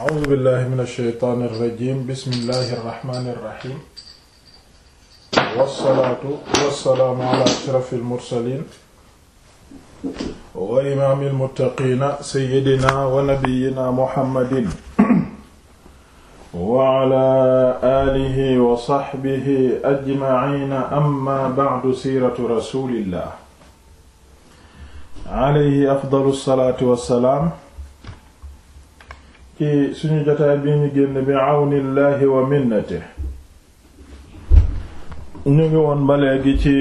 a'uuzu billahi min ash-shaytaani irrajim bismillahi irrahmani irrahim wassalaatu wassalaamu ala ashrafi almursalin wa imaami almuttaqiina sayyidina wa nabiyyina muhammadin wa ala aalihi wa sahbihi ajmaciina amma ba'du siiratu rasulillah alayhi afdalu salaatu wassalaam ci suñu jotaay bii ñu génn bi àwnillaahi wa minnate ñu ngi woon ba léegi ci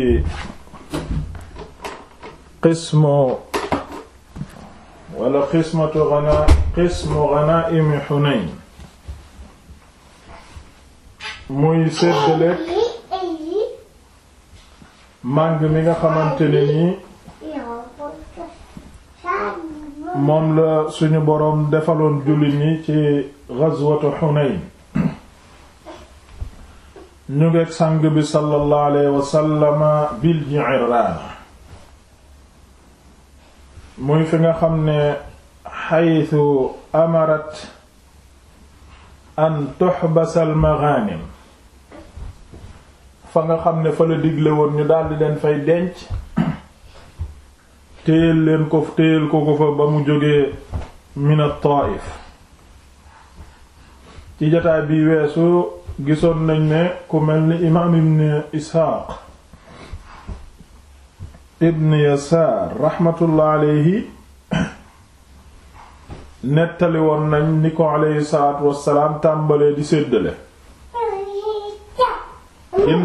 qismu wala qismatu ghana qismu ghanaa'imi Hunayn muy séddale màng mi nga xamante nii moom la suñu boroom defaloon jullit ñi ci ghazwatu Hunayn ñu ngeeg sang bi sallallahu alayhi wa sallama bil Ji'irraana muy fi nga xam ne xaytu amarat an tuhbas al fa nga xam ne fa digle woon ñu daldi leen fay denc téyel leen ko téyel ko ko fa ba mu jógee minat at ci jataay bii weesu gisoon nañ ne ku mel ni imaam ibn Isxaaq ibn Yasaar raxmatullah alayhi nettali woon nañ ni ko alayhi salaatu wassalaam tàmbalee di séddale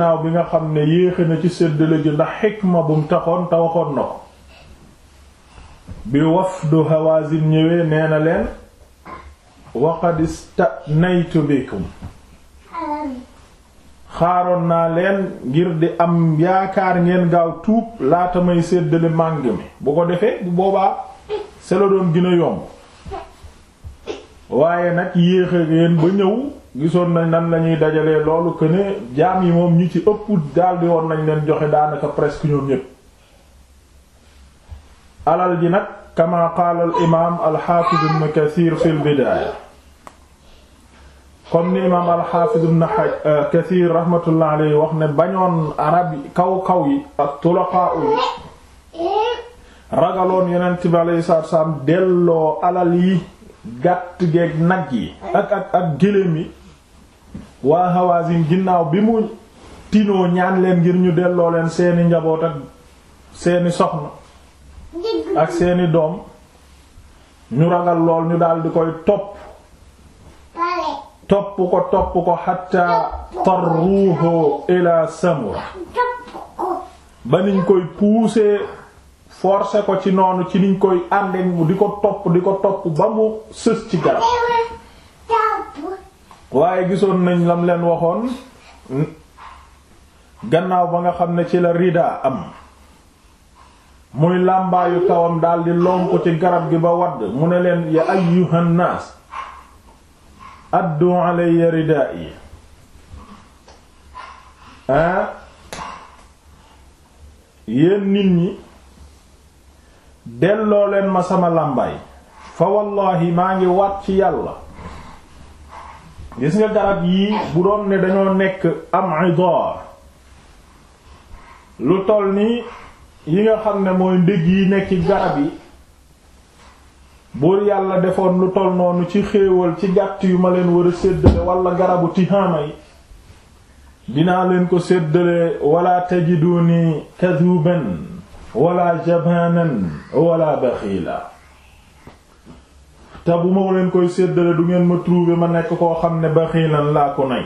naaw bi nga xam ne yéexe na ci séddale gi ndax xikma bu taxoon te waxoon na ko bi wafdu Hawazin ñëwee nee na leen waqad istanaytu bikum xaaroon naa leen ngir di am yaakaar ngeen gaaw tuub laata may séddale màng mi bu ko defee bu boobaa selo gina gën a yomb waaye nag yéexa ngeen ba ñëw gisoon na nan la ñuy dajalee loolu que ne jaam yi moom ñu ci ëpp daldi woon nañ leen joxe daanaka presque ñoom ñépp alal ji nag kama qaala imaam al xaafiz ibn Kathir fil bidaaya comme ni imaam al euh, wax ne bañoon arab yi kaw bi alayhi salaatu salaam delloo alal yi gàtt geeg nag yi ak ak ak gëléem yi waa Hawazin ginnaaw bi mu tinoo ñaan leen ngir ñu delloo leen seeni njaboot ak seeni soxna ak seeni doom ñu ragal lool ñu daal di koy topp topp ko topp ko xatta tarruuhu ila samura ba niñ koy pousser forcer ko ci noonu ci niñ koy ànde mu di ko topp di ko topp ba mu sës ci garab waaye gisoon nañ lam leen waxoon gannaaw ba nga xam ne ci la rida am muy làmbaayu kawam daldi lonku ci garab gi ba wadd mu ne leen ya ayyuhan naas addu alayya ridaa'i yi yéen nit ñi delloo leen ma sama làmbaay fa wallahi maa ngi waat ci yàlla gis nga garab yii bu doon ne dañoo nekk am idar lu toll nii yi nga xam ne mooy ndég yi nekk ci garab yi buur yàlla defoon lu toll noonu ci xéewal ci gàtt yu ma leen war a séddale wala garabu tihaama dinaa leen ko séddale walla tajiduni kadhuban wala jabanan wala baxiila te bu ma leen koy séddale du ngeen ma trouver ma nekk koo xam ne baxiilan laa ko nay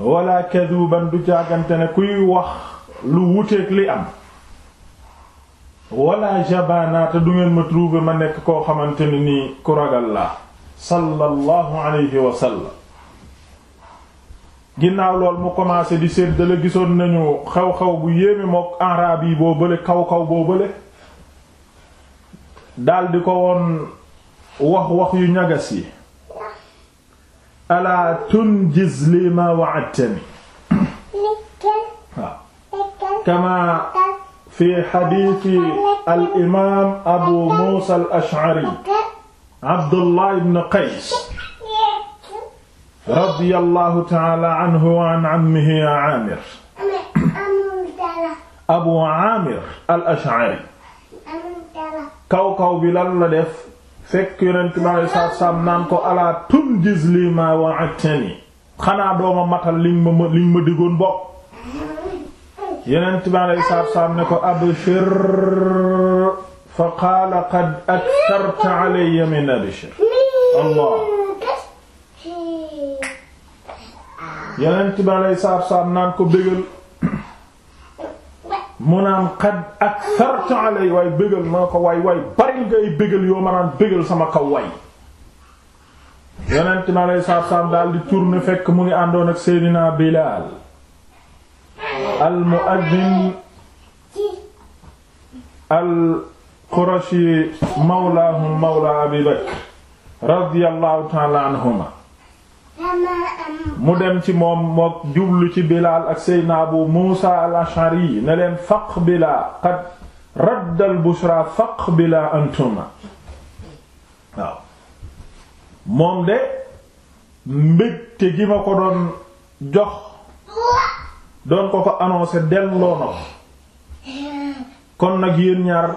wala kadhuban du jàggante ne kuy wax lu wuteeg li am wala jabanata du ngeen ma trouver ma nekk koo xamante ni nii ku ragal laa sallallahu alayhi wa ginnaaw lool mu commencé di séddale gisoon nañu xew-xew bu yéeme mook araab yi boo bële kaw-kaw boo bële daldi ko woon wax wax yu ñagas yi alaa tunjiz li ma wa'adtani kama fi xadiisi al abu muusa al ash'ari abdullah ibn qays radiyallahu ta'ala anhu wa an ammihi aamir abu aamir al ash'ari bi lan la def fekk yonent bi alayhi salaatu salaam naan alaa tunjiz lii maa wa'adtani xanaa dooma matal liñ ma liñ ma digoon bopp yonent bi alayhi salaatu salaam ne ko abshir fa qaala qad aktarta alayya min abshir allah yonent bi alayhi salaatu salaam naan ko bégal mu naan qad aktarta alayya waay bégal ma ko waay waay bari ngay bégal yoo ma naan bégal sama kaw waay yonent bi alayhi salaatu salaam daal di tourner fekk mu ngi àndoon ak Seydina Bilaal al mu'addin al qurashi mawlaahum mawla abi bakr radiyallahu ta'ala anhuma mu dem ci moom mook jublu ci bilaal ak seydna abu muusa al ashari ne leen faq bilaa qad raddal bushra faq bilaa antuma waaw moom de mbégte gi ma ko doon jox doon ko ko annoncé delloo na kon nag yéen ñaar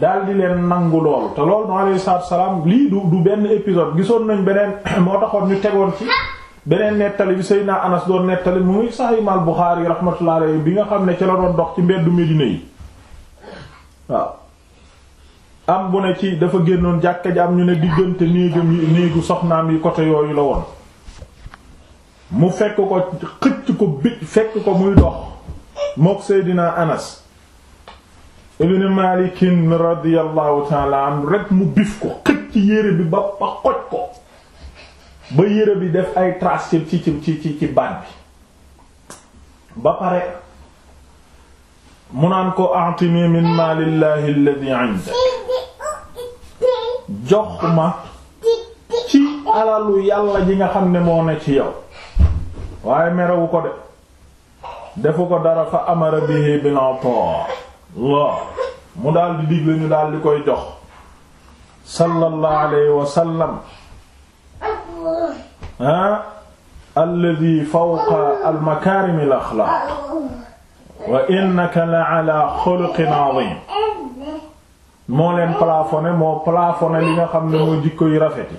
daal di leen nangu lool te lool moom alayhi salaatu salaam lii du du benn épisode gisoon nañ beneen moo taxoon ñu tegoon ci beneen nettali bi naa Anas doon nettali muy Sahih Al Bukhari rahmatullah alayhi bi nga xam ne ci la doon dox ci mbeddu Medina yi waaw am bu ne ci dafa génnoon jàkka ji am ñu ne diggante néegam yi néegu soxnaam yi côté yooyu la woon mu fekk ko xëcc ko bit fekk ko muy dox mook Seydina Anas ibn Malik radiyallahu ta'ala anhu rek mu bif ko xëcc yére bi ba ba ko ba yére bi def ay traces ci ci ci ci baat bi ba pare mu naan ko a'tini min malillahi alladhi 'indak jox ma ci alalu yàlla ji nga xam ne moo ne ci yow waaye merewu ko de defu ko dara fa amara bihi bil mu daldi di digle ñu daal di koy jox sallallahu alayhi wa sallam ah alladi fawqa al makarim al axlaq wa innaka moo leen plafonné moo plafonné li nga xam ne moo jikko yu rafet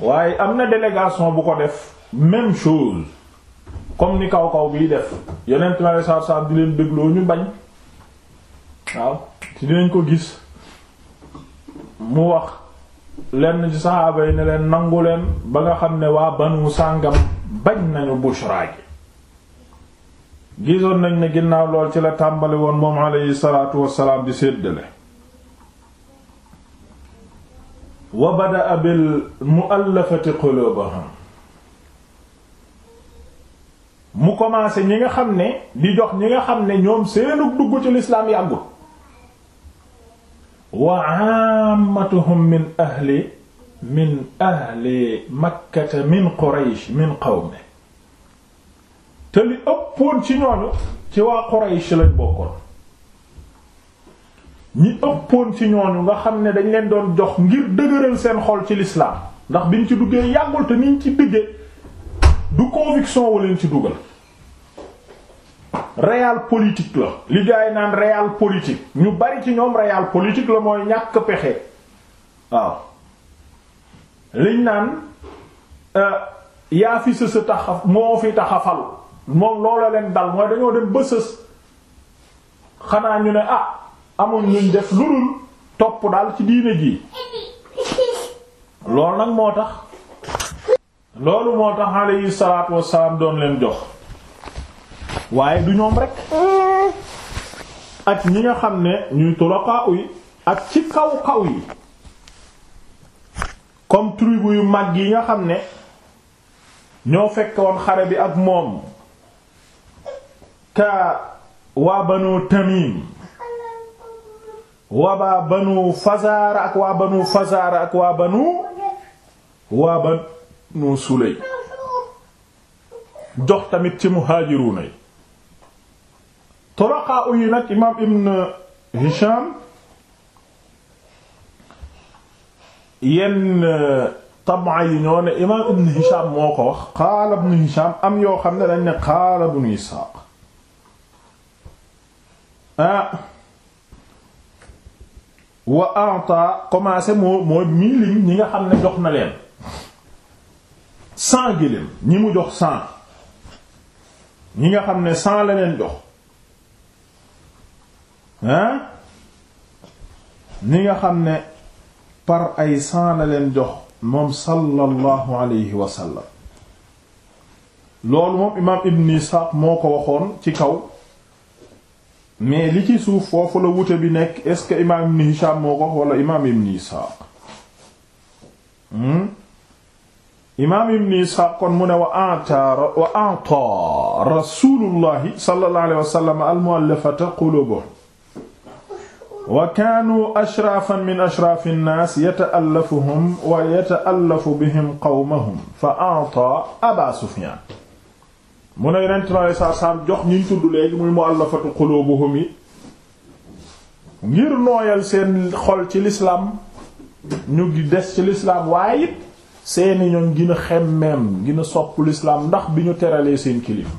waaye am na délégation bu ko def même chose comme ni kaw kaw biy def yeneen time ay saab saab di leen dégloo ñu bañ waaw ci dinañ ko gis mu wax lenn ci saxaaba yi ne leen nangu leen ba nga xam ne waa banu sàngam bañ nañu bushra gi gisoon nañ ne ginnaaw lool ci la tàmbali woon moom alayhi salaatu wassalaam di séddale wa bada'a bil mu'allafati qulubahum mu commencé ñi nga xam ne di jox ñi nga xam ne ñoom seenu dugg ci lislaam yàggul wa ammatuhum min ahli min ahli makkata min quraysh min qawme te li ëppoon ci ñooñu ci waa quraysh lañ bokkoon ñi ëppoon ci ñooñu nga xam ne dañ leen doon jox ngir dëgëral seen xol ci lislaam ndax biñ ci duggee yàggul te niñ ci duggee du conviction wu ci dugal réel politique la li gars naan réel politique ñu bari ci ñoom réel politique la mooy ñàkk pexe waaw liñ naan euh, yaa fi sës a taxa moo fi taxafal moom loola leen dal mooy dañoo dem ba sës xanaa ñu ne ah amul ñuñ def lu dul topp daal ci diine ji lool nag moo tax loolu moo tax alayhi salaatu wassalaam doon leen jox waaye du ñoom rek ak ñi nga xam ne ñuy tulaqa yi ak ci kaw kaw yi comme tribu yu mag yi nga xam ne ñoo fekk xare bi ak moom ka waa banu tamim waa banu fazaara ak waa banu fazaara waa banu waa banu jox tamit ci muhaajiruuna yi toroqaa uyi nag imaam ibn Hisham yenn uh, tabaa yi ñoo ne imaam ibn Hisham moo ko wax qaala ibn Hisham am yoo xam ne dañ ne qaala ibn Isaaq ah wa ata commencé moo mooy mii ñi nga xam ne jox na leen cent gëléem ñi mu jox cent ñi nga xam ne cent la leen jox hein ñi nga xam ne par ay cent leen jox moom sallallahu alayhi wa sallam loolu moom imaam ibn Isxaaq moo ko waxoon ci kaw mais li ci suuf foofu la wute bi nekk est-ce que imaam ibn Hishaam moo ko wax imaam ibn Isxaaq hmm? imaam ibn Isxaaq kon mu ne wa ata wa ata rasulullahi alayhi wa sallam al waa kaanu ashraafan min ashraafi nnaas yata'allafuhum wa yata'allafu bihim qawmahum fa a'taa Abaa Sufyaan mu ne Yonent bi alayhi salaatu salaam jox ñi ñu tudd léegi muy mu'allafatu quluubuhum yi ngir nooyal seen xol ci lislaam ñu gi des ci lislaam waaye it seeni ñoñ gën a xemmeem gën a sopp lislaam ndax bi ñu teralee seen kilifa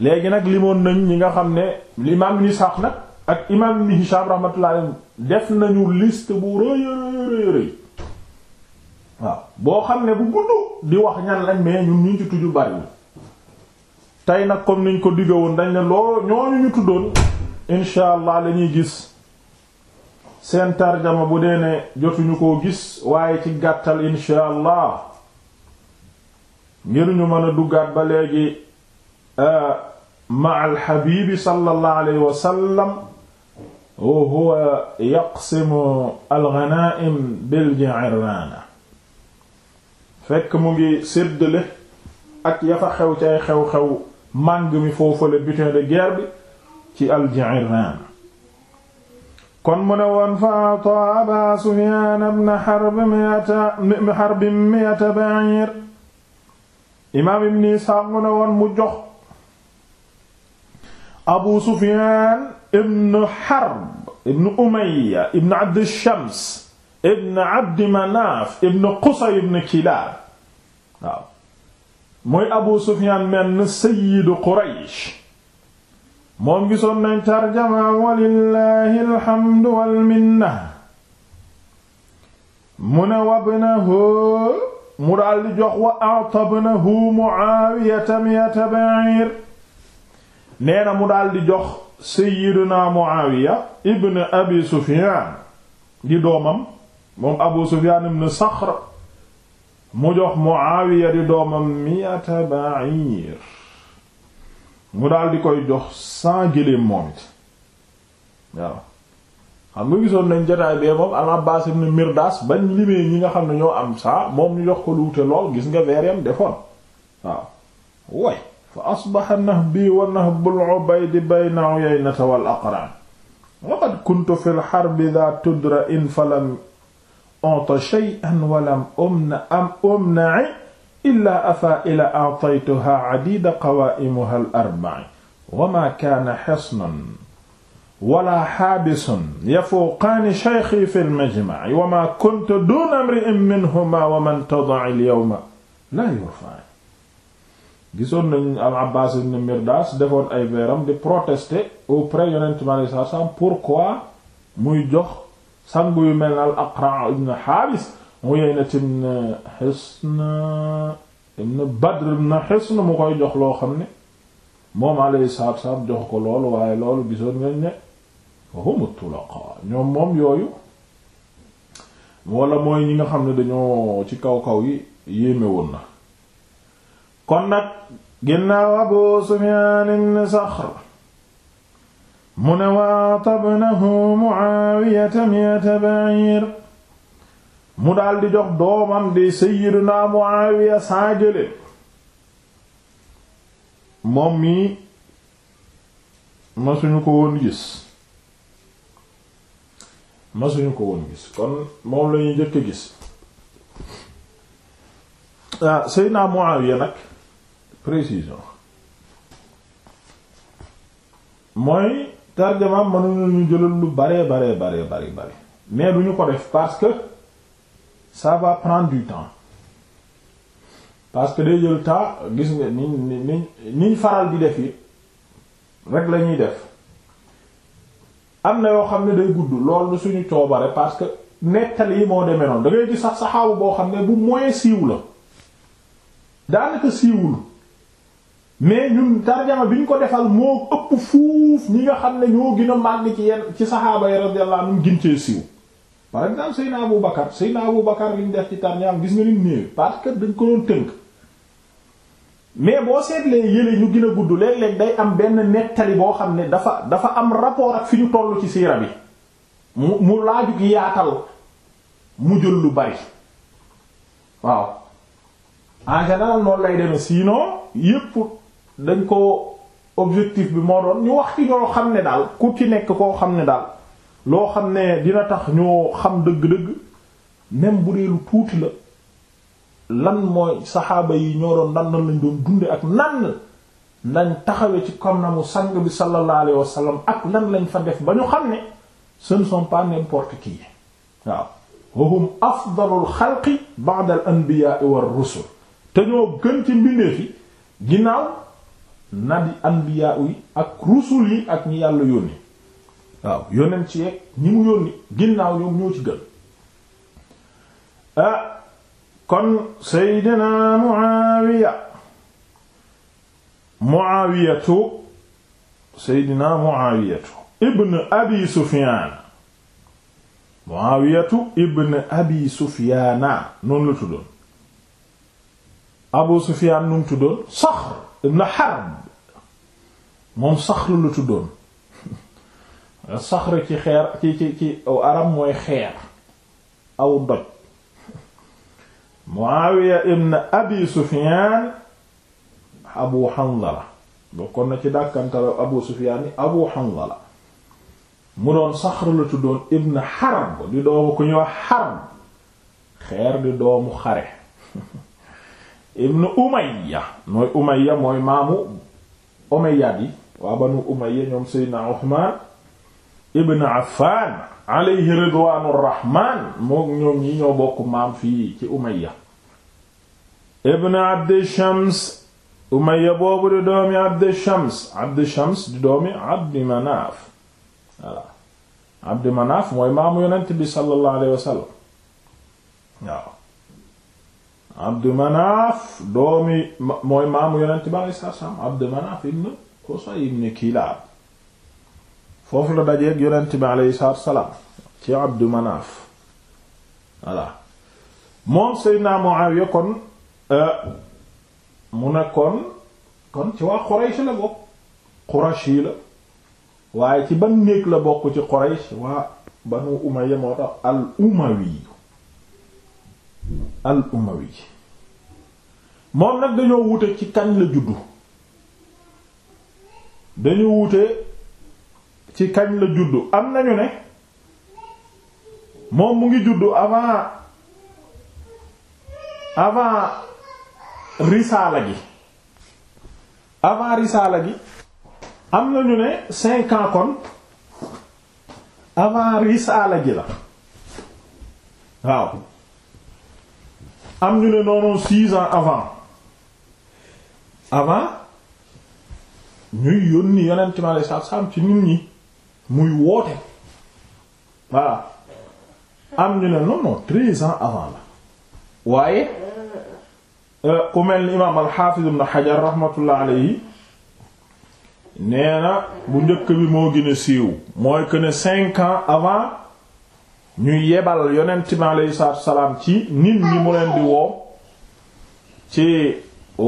léegi nag limoon nañ ñi nga xam ne limaam ni sax nag ak imam ibn Hisham rahmatullah alayhi def nañu list bu rëy rëy rëy waaw boo xam ne bu gudd di wax ñan lañ mais ñun ñu tuju bari tey nag comme niñ ko digga woon dañ ne loolu ñooñu ñu tuddoon insha allah lañuy gis seen tarjama bu dee ne jotuñu koo gis waaye ci gàttal insha allah ngir ñu mën a duggaat ba léegi euh, ma al habibi sallallahu alayhi wa huwa yaqsimu alghanaim bil ji'rana fekk mu ngi séddale ak ya fa xew ci ay xew-xew màng mi foofale butin de guerre bi ci al ji'rana kon mu ne woon fa ata aba sufyan ibn harb mi'ata harb mi'ata ba'ir imaam ibn isxaaq mu ne woon mu jox abu sufyan ibn Harb ibn Umayya ibn Abd Shams ibn Abd Manaf ibn Qusay ibn Kilab waaw mooy Abu Sufyan menn sayyidu Quraysh moom gisoon nañ tarjama walillahi alhamdu walminna mu ne wabnahu mu daldi jox wa atabnahu Muawiyata miyata ba'ir nee na mu daldi jox seyyiduna muawiya ibn abi sufiyaan di doomam moom abu sufiyaan ibn saxr mu jox muawiya di doomam miyata ba'iir mu daal di koy jox cent géléem moom it waaw xam nga gisoon nañ jotaay bee moom al Abbaas ibn Mirdaas bañ limee ñi nga xam ne ñoo am saa moom ñu jox ko luute lool gis nga veereem defoon waaw way fa asbaxa nahbi wa nahbul ubaydi bayna uyaynata wal aqran wa qad kuntu fil harbi dha tudra in falam a'ta shay'an wa lam umna am umna'i illa afa'ila a'taytuha 'adida qawaa'imuha al arba'i wa ma kaana hisnan wala haabisun yafuuqaani shaykhi fil majma'i wa ma kuntu duuna imri'in minhumaa wa man tada'i al yawma laa yurfa'i gisoon nañ al Abbas ibn Mirdas defoon ay veeram di protester auprès yonent mi alayhi pour quoi muy jox sangu yu mel na Aqra ibn Habis Uyayna ibn Hisn ibn mu koy jox loo xam ne moom alayhi salaam jox ko loolu waaye loolu gisoon nañ ne humu tulaqa ñoom moom yooyu wala mooy ñi nga xam ne dañoo ci kaw kaw yi yéeme woon na kon nag ginnaaw abu sufyaan ibn saxr mu ne waatabnahu muaawiyata mi'ata ba'iir mu daldi jox doomam di sayyiduna muaawiya saa gëléem moom mi masuñu ko woon gis masuñu ko woon gis kon moom lañuy jëkk gis ah sayyiduna muaawiya nag précision mooy tarjama mënu ñu jëlal lu bare bare bare bare bare mais duñu ko def parce que ça va prendre du temps parce que day jël temps gis nga ni ni niñ faral di def yi rek lañuy def am na yoo xam ne day gudd loolu suñu coobare parce que nettali yi moo demee noonu da ngay gis sax saxaabu boo xam ne bu moyen siiw la daanaka siiwul mais ñun tarjama bi ñu ko defal moo ëpp fuuf ñi nga xam ne ñoo gin a màgg ci yenn ci saxaaba yi radiyallahu anhum gin cee siiw par exemple Seydina Abu Bakar Seydina Abu Bakar liñ def ci tarjama gis nga ni néew parce que dañ ko doon tënk mais boo seetlee yële ñu gën a gudd léeg-léeg day am benn nettali boo xam ne dafa dafa am rapport ak fi ñu toll ci siira bi mu mu laaju yaatal mu jël lu bari waaw en général lay demee sinon yépp dañ ko objectif bi moo doon ñu wax ci ñoo xam ne daal ku ci nekk koo xam ne daal loo xam ne dina tax ñoo xam dëgg-dëgg même bu dee lu tuuti la lan mooy saxaaba yi ñoo doon nan nan lañ doon dunde ak nan lañ taxawee ci comme na mu sang bi sallallahu alayhi wasallam ak lan lañ fa def ba ñu xam ne ce ne sont pas n'importe qui waaw wa hum afdalul xalqi ba'da al anbiya war rusul te ñoo gën ci mbindeef yi ginnaaw nabi anbiya yi ak rusul yi ak ñi yàlla yónni waaw yónneen ci yeeg ñi mu yónni ginnaaw ñoom ñoo ci gën ah, kon seydina muawiya muawiyatu seydina muawiyatu ibn abi sufyan noonu la tuddoon abu sufyan nu mu tuddoon saxr ibn harb moom saxr la tuddoon ci xeer ci ci ci arab mooy xeer aw doj Muawiya ibn Abi Sufyan Abu Hanzala bokkoon na ci dàkkantala Abu Sufyan yi Abu Hanzala mu doon saxr la tuddoon ibn Harb di doomu ku ñuy wax Harb xeer di doomu xare ibn Umayya mooy Umayya mooy maamu Umayyad yi waa Banu Umayya ñoom Seydina Uthman ibn Affan alayhi ridwaanu rahmaan moom ñoom ñi ñoo bokk maam fii ci Umayya ibn Abd Shams Umayya boobu di doomi Abd Shams Abd Shams di doomi Abd Manaf voilà Abd Manaf mooy maamu yonent bi sallallahu alayhi wa waaw Abdu Manaaf doomi mooy maamu yonent bi alayhi salaatu salaam Abdu Manaaf ibn Qusay ibn Kilaab foofu la dajeeg yonent bi alayhi salaatu salaam ci Abdu Manaaf voilà moom Seydina Muawiya kon euh, mu nekkoon kon ci waa Quraysh la bokk Quraysh yi la waaye ci ban néeg la bokk ci Quraysh waa Banu Umayya moo tax al umawi al umawi moom nag dañoo wute ci kañ la juddu dañu wute ci kañ la juddu am nañu ne moom mu ngi juddu avant avant risaala gi avant risaala gi am nañu ne cinq ans kon avant risaala ji la waaw am ñu ne non non six avant avant ñuy yónni yonent mi alayhi salaatu salaam ci nit ñi muy woote voilà am ñu ne non non ans avant la waaye euh, ku mel ni imaam al-Hafiz ibn Hajar rahmatullah alayhi nee na bu njëkk bi moo gën a siiw mooy que ne cinq ans avant ñuy yebal yonent mi alayhi salaatu salaam ci nit ñi mu leen di woo ci.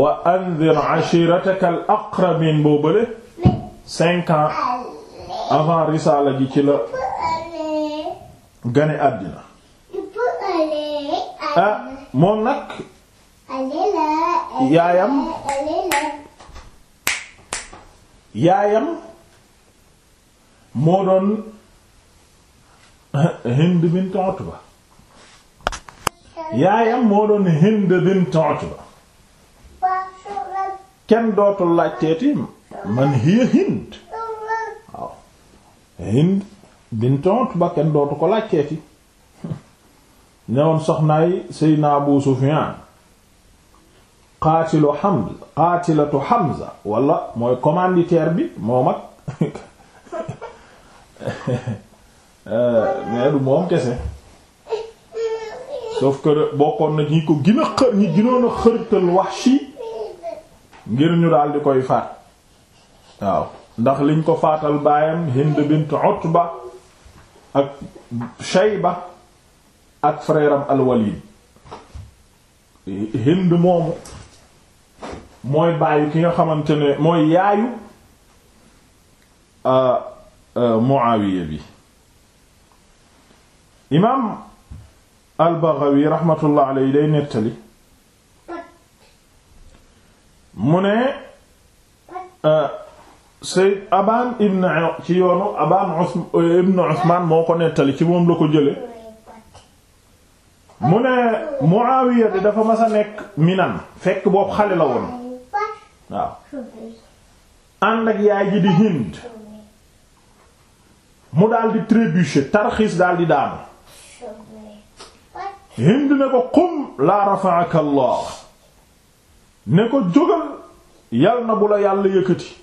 wa anzir ashirataka al aqrabin boo bële cinq ans avant ji ci la gane àddina ah moom yaayam yaayam moo doon Hind bint Utba kenn dootul laajteeti man hiya hind waaw hind bint Utba kenn dootu ko laajteeti ñëwoon soxnaay Seydina Abu Sufyan qaatilu Hamza qaatilatu Hamza wala mooy commanditaire bi moom ak eh, mais du moom kese sauf que bokkoon na ñi ko gën xër ñi gënoon a xërtal Wahshi ngir ñu daal di koy faat waaw ndax liñ ko faatal baayam Hind bint Utba ak Shayba ak frère am Hind moomu mooy baayu ki nga xamante ne mooy yaayu euh, euh, Muawiya bi imaam al-Baghawi rahmatullah alayhi day nettali mu ne euh, Seyd Abaan ibn ci yoonu Abaan euh, ibn Usmaan moo ko nettali ci moom la ko jële mu ne Muawiya di dafa mas a nekk Minan fekk boobu xale la woon waaw ànd ak yaay ji di Hind mu daal di trébucher tarxiis daal di daanu Hind ne ko qum laa rafa'aka ne ko jógal yal na bu la yàlla yëkkati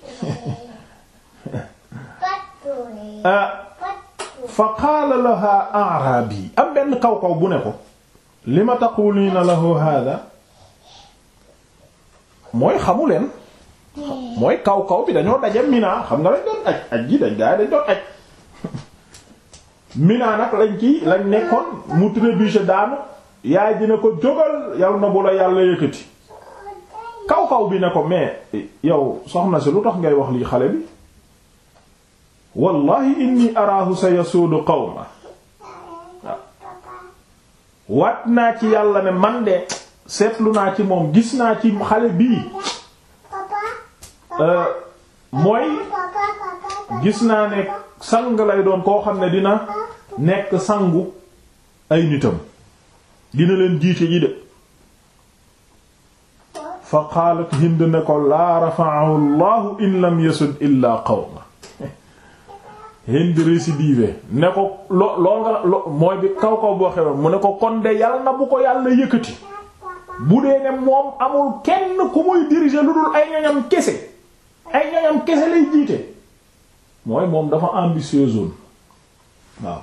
ah, fa qaala laha am benn kaw kaw bu ne ko li ma taqulina lahu hada mooy xamuleen mooy kaw kaw bi dañoo daje Mina xam nga lañ doon aj aj dañ gaa doon aj Mina nag lañ ci lañ nekkoon mu trébuché daanu yaay dina ko jógal yal na bu la yàlla yëkkati kaw kaw bi ne ko mais yow soxna si lu tax ngay wax lii xale bi wallahi inni araahu sa yasuudu qawma wat naa ci yàlla ne man de seetlu naa ci moom gis naa ci xale bii euh, mooy gis naa ne sang lay doon koo xam ne dina nekk sangu ay nitam dina leen jiite ji de fa qaalat hind ne ko laa rafa'ahu llahu in lam yasud illa qawma hind récidive ne ko lo lool nga mooy bi kaw kaw boo xewe mu ne ko kon de yàlla na bu ko yàlla yëkkati bu dee ne moom amul kenn ku muy diriger lu dul ay ñoñam kese ay ñoñam kese lay jiite mooy moom dafa ambitieuse woon waaw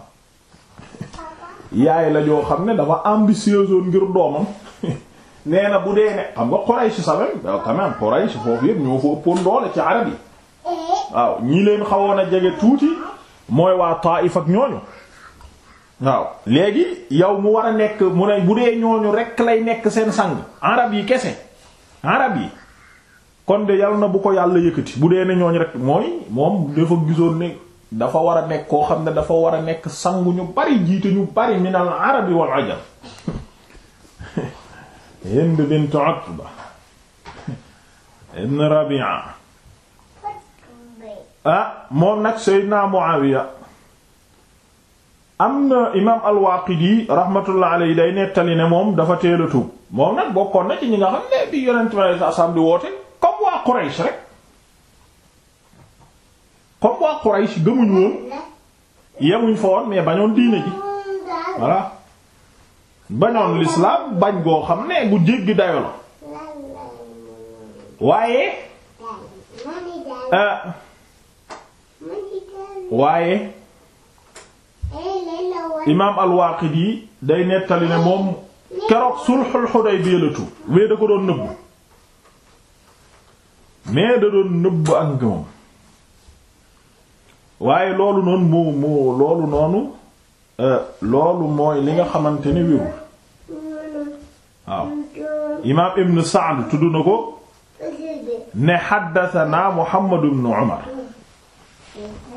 yaay la joo xam ne dafa ambitieuse woon ngir doomam nee na bu dee ne xam nga Quraysh sa même quand même Quraysh foofu yëpp ñoo fa ëppoon doole ci arab yi waaw ñii leen xawoon a jege tuuti mooy waa Taif ak ñooñu waaw léegi yow mu war a nekk mu ne bu dee ñooñu rek lay nekk seen sang arab yi kese arab yi kon de yal na bu ko yàlla yëkkati bu dee ne ñooñu rek mooy moom dafa gisoon ne dafa war a nekk koo xam ne dafa war a nekk sangu ñu bari jiite ñu bari minal arabi wal ajam hind bint utba ibn rabia ah moom nag seydina muawiya am na imaam al-Waaqidi rahmatullah alayhi day nettali ne moom dafa teel a tuub moom nag bokkoon na ci ñi nga xam ne bi yonent ma ne sa di woote comme waa Quraysh rek comme waa Quraysh gëmuñu woon yemuñ fa woon mais bañoon diine ji voilà bañoon lislaam bañ goo xam ne bu jéggi dayo la waaye ah, waaye imaam al-Waaqidi day nettali ne moom keroog sulhul Hudaybiya la tuub mais da ko doon nëbbu mais da doon nëbbu ak ngëmam waaye loolu noonu moo moo loolu noonu Euh, loolu mooy li nga xamante ni wérul imaam ibn Sa'd tudd na ko ne xaddasanaa Muhammad ibn Umar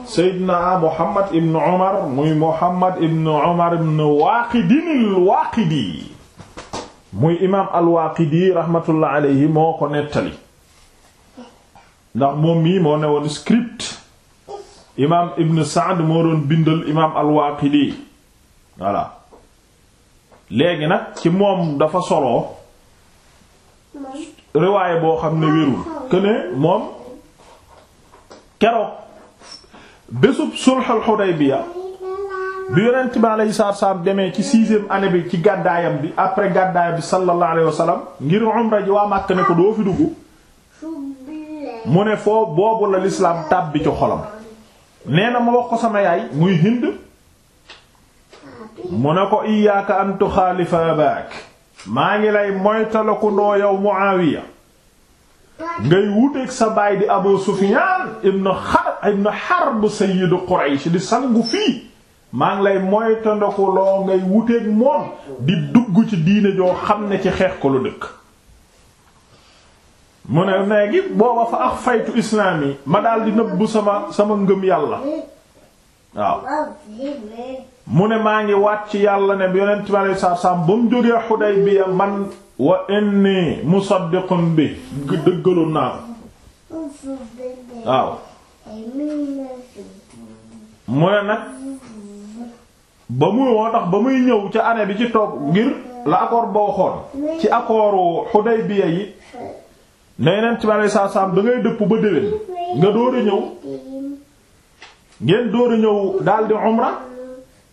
Seydina Muhammad ibn Umar muy Muhammad ibn Umar ibn Waaqid al-Waaqidi muy imaam al-Waaqidi rahmatullah alayhi moo ko nettali ndax moom mii moo newoon script imaam ibn Sa'd moo doon bindal imaam al-Waaqidi voilà léegi nag ci moom dafa soloo riwaaye boo xam ne wérul këne moom keroog bésub sulhul Hudaybiya bi yonent bi alayhi salaatu salaam demee ci sixième année bi ci gàddaayam bi après gàddaayam bi sallallahu alayhi wa ngir umra ji waa Makka ne ko doo fi dugg mu ne foo boobu la lislaam tàbbi ci xolam nee na ma wax ko sama yaay muy Hind mu ne ko iyaaka an tuxaalifa abaak maa ngi lay moytalaku ndoo yow Muawiya ngay wuteeg sa baay di Abu Sufyaan ibn Harb ibn Harb sayyidu Quraysh di sangu fii maa ngi lay moytandaku loo ngay wuteeg moom di dugg ci diine joo xam ne ci xeex ko lu dëkk mu ne léegi booba fa ax faytu islaam yi ma daal di nëbbu sama ngëm yàlla waaw mu ne maa ngi wàcc yàlla ne bi yonent bi alayhi salaatu salaam ba mu jógee Xudaybiya man wa inni musaddiqun bi dëggaloon naa ko waaw mu ne nag ba mu woo tax ba muy ñëw ca année bi ci toog ngir la accord boo xoon ci accordu Xudaybiya yi ne yonent bi alayhi salaatu da ngay dëpp ba déwén nga door a ñëw ngeen door ñëw daldi umra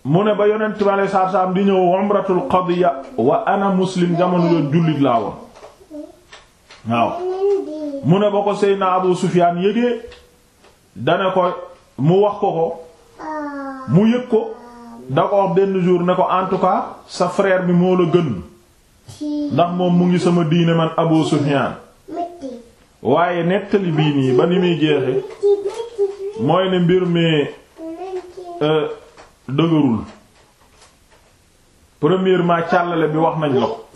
mu ne ba yonent bi alei satu di ñëw umratul qadiya wa ana muslim jamono doon jullit laa woon waaw mu ne ba ko Seydina Abu Sufyaan yëgee dane ko mu wax ko ko mu yëg ko da ko wax benn jour ne ko en tout cas sa frère bi moo la gën ndax moom mu ngi sama diine man Abu Sufyaan waaye nettali bii nii ba ni muy jeexe mooy ne mbir mi euh, dëgërul premièrement càllale bi wax nañ la ko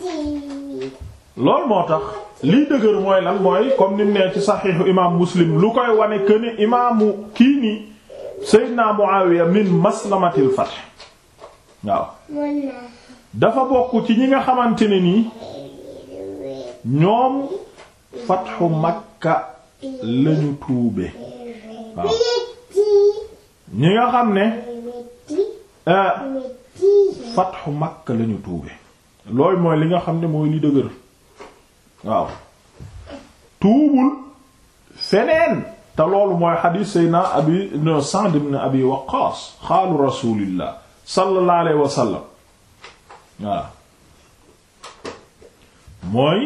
loolu moo tax liy dëgër mooy lan mooy comme ni mu nee ci saxiixu imaam muslim lu koy wane que imaamu kii nii Seydina Muawiya min maslamatil fath waaw dafa bokk ci ñi nga xamante ni nii ñoom fatxu Makka lañu tuube waaw ñi nga xam ne. Ah. fatxu Makka lañu tuube loolu mooy li nga xam ne mooy li dëgër waaw tuubul feneen te loolu mooy xadiis sayna abi no Sa'd ibn abi Waqqaas xaalu rasulillah sallallahu alayhi waaw mooy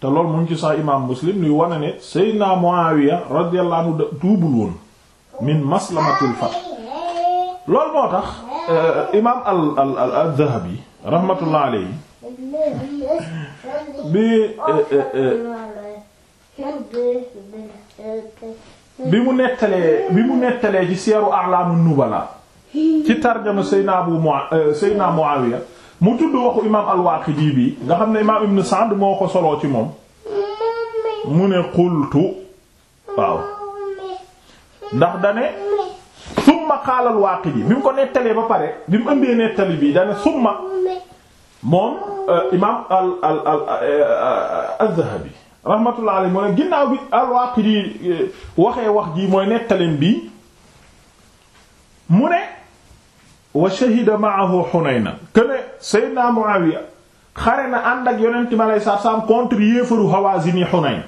te loolu mu ngi ci sax imaam Muslim luy wane ne sayna Muawiya radiyallahu anhu tuubul woon min maslamatul fath loolu moo tax euh, imaam al al al al Dhahabi rahmatullah alayhi bi euh, euh, bi mu nettalee bi mu nettalee ci seeru a'lamu nubala ci tarjama Seyna Abu Seyna Muawiya mu tudd waxu imaam al bi nga xam ne imaam Ibn Sa'd moo ko soloo ci moom mu ne qultu waaw ndax dane summa xaalal Waaqidi bi mu ko nettalee ba pare bi mu ëmbee nettali bi dana summa moom euh, imaam al al al euh, az-Zahabi rahmatullah alayhi moo ne ginnaaw bi al-Waaqidi euh, waxee wax ji mooy nettaleen bi mu ne wa shahida ma'ahu Hunaynan kene Seydina Muawiya xare na ànd ak yonent mi alayhi salaam contre yéefaru Hawaazini Hunayn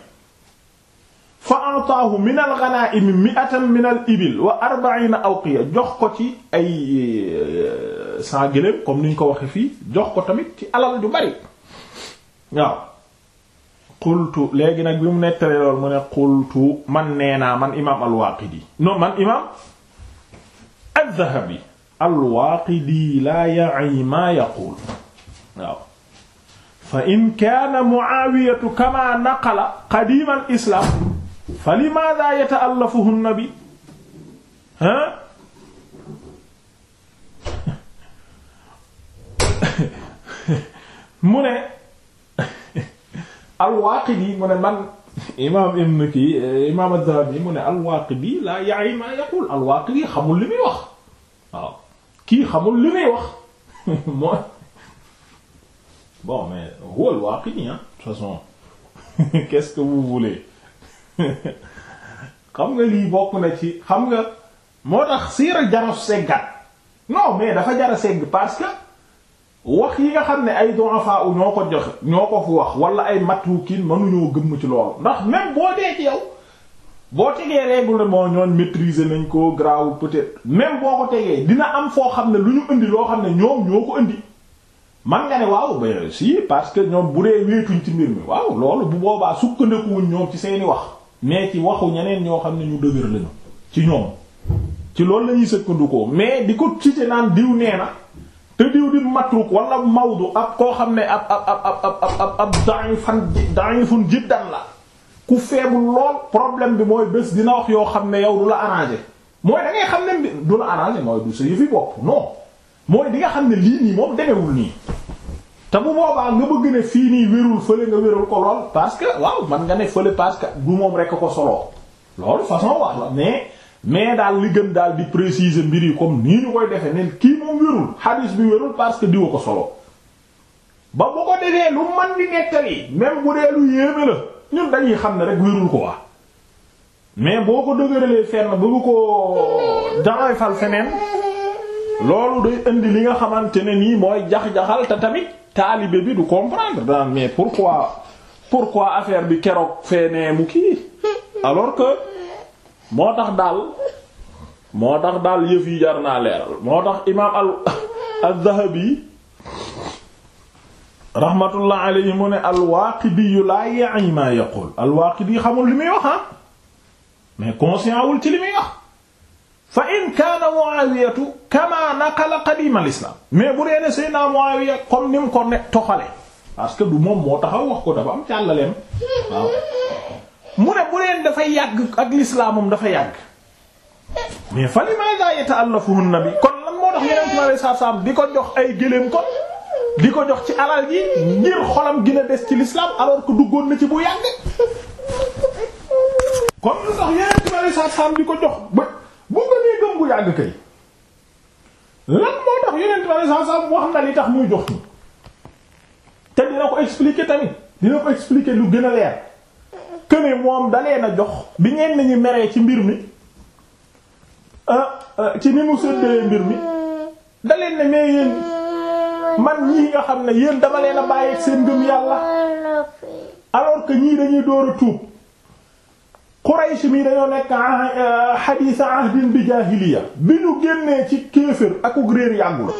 fa ataahu min al ghanaa'im mi'atan min al ibil wa arba'iina awqiya jox ko ci ay eh, cent gëléem comme ni ñu ko waxe fii jox ko tamit ci alal ju bari waaw qultu léegi nag bi mu nettalee loolu mu ne qultu man nee naa man imaam al-Waaqidi non man imaam az-Zahabi al-Waaqidi laa ya'i maa yaqul waaw fa in kaana Mu'aawiyatu kamaa naqala qadiima al-islaam fa limaada yata'allafuhu an-nabi ha mu ne al-Waaqidi mu ne man imaam ibn ki imaam az-Zahabi mu ne al-Waaqidi laa ya'i maa yaqul al-Waaqidi xamul li muy wax waaw kii xamul li muy wax mooy bon mais huwa al-Waaqidi de toute façon qu'est-ce que vous voulez xam nga lii bokk na ci xam nga moo tax siira jara seggat non mais dafa jara segg parce que wax yi nga xam ne ay du'afa ñoo ko jox ñoo ko fu wax wala ay matrukin mënuñoo gëmm ci loolu ndax même boo dee ci yow boo tegee règle nañ ko graaw peut même boo ko tegee dina am foo xam ne lu ñu indi loo xam ne ñoom ñoo ko indi man nga ne waaw ba si parce que ñoom bu dee wéetuñ ci mbir mi waaw loolu bu boobaa sukkandikuwuñ ñoom ci seeni wax mais ci waxu ñeneen ñoo xam ne ñu dëgër lañu ci ñoom ci loolu lañuy ñuy sëkkandikoo mais di ko cité naan diw nee na te diw di matruk wala mawdu ab koo xam ne ab ab ab ab ab da'ifan da'ifun jiddan la ku feebu lool problème bi mooy bés dina wax yoo xam ne yow du la arrangé mooy da ngay xam ne du la arrangé mooy du sa yëfi bopp non mooy di nga xam ne lii nii moom demewul nii. te bu boobaa nga bëgg ne fii nii wérul fële nga wérul ko lool parce que waaw man nga ne fële parce que du moom rekk ko soloo loolu façon wax la mais mais daal li gën daal di préciser mbir yi comme nii ñu koy defee neen kii moom wérul hadis bi wérul parce que diwa ko solo ba bu ko defee lu man di nettali même bu dee lu yéeme la ñun dañuy xam ne rek wérul ko wax mais boo ko dëgëralee fen ba ko dangay fal feneen loolu day indi li nga xamante ne nii mooy jax te tamit taalibe bi du comprendre daan mais pourquoi pourquoi affaire bi keroog feenee mu kii alors que moo tax daal moo tax daal yëf yi jar naa leeral moo tax imaam al al-Dhahabi rahmatullah alayhi mu ne al-Waaqidi laa ya'i maa yaqul al-Waaqidi xamul li muy wax ah mais conscient wul ci li muy wax fa in kaana Muawiyatu kama naqala qadiim al-islaam mais bu dee ne Seydina Muawiya comme ni mu ko ne toxale parce que du moom moo taxaw wax ko dafa am càllaleem waaw mu ne bu dee dafa yàgg ak lislaamum dafa yàgg mais fa limaada yata'allafuhu an-nabi kon lan moo tax yeneen sallallahu alayhi wasallam di ko jox ay gëléem ko jox ci alal ji ngir xolam des ci l'islam alors duggoon na ci bu yàgg kon lu tax yeneen sallallahu alayhi di ko jox bu gënee gëm gu yàgg kay lan moo tax yeneen traçais sàmm wax na li tax muy jox ñu te dina ko expliquer tamit dina ko expliquer lu gën a leer que ne moom dalee na jox bi ñeen nañu meree ci mbir mi ah, ah, ci ni mu séddalee mbir mi daleen na mais yéen man ñii nga xam ne yéen dama leen a bàyyi seen ngëm yàlla alors que ñii dañuy door a tuub. Quraysh mi dañoo nekk xadiisa euh, ahdin bi jaahiliya bi ñu génnee ci kéefër ak ug réer yàggula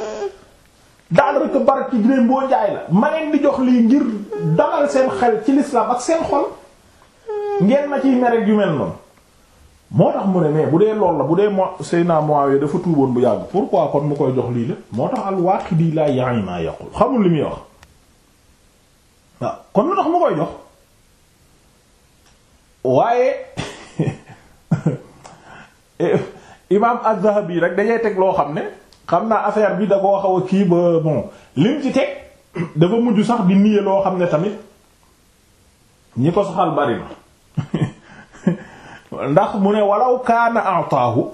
daal rek barak ci gréem boo jaay la ma leen jox lii ngir dalal seen xel ci lislaam ak seen xol ngeen ma ci merek yu mel noonu moo tax mu ne mais bu dee lool la bu dee mo Seyna Muawiya dafa tuuboon bu yàgg pourquoi kon mu koy jox lii la moo tax al-Waaqidi laa yaay maa yàqul xamul li muy wax waaw kon lu tax mu koy jox waaye imaam az-Zahabi rek dañuy teg loo xam ne xam naa affaire bi da koo xaw a kii ba bon lim ci teg dafa mujj sax di niye loo xam ne tamit ñi ko soxal bari na ndax mu ne walaw kaana a'taahu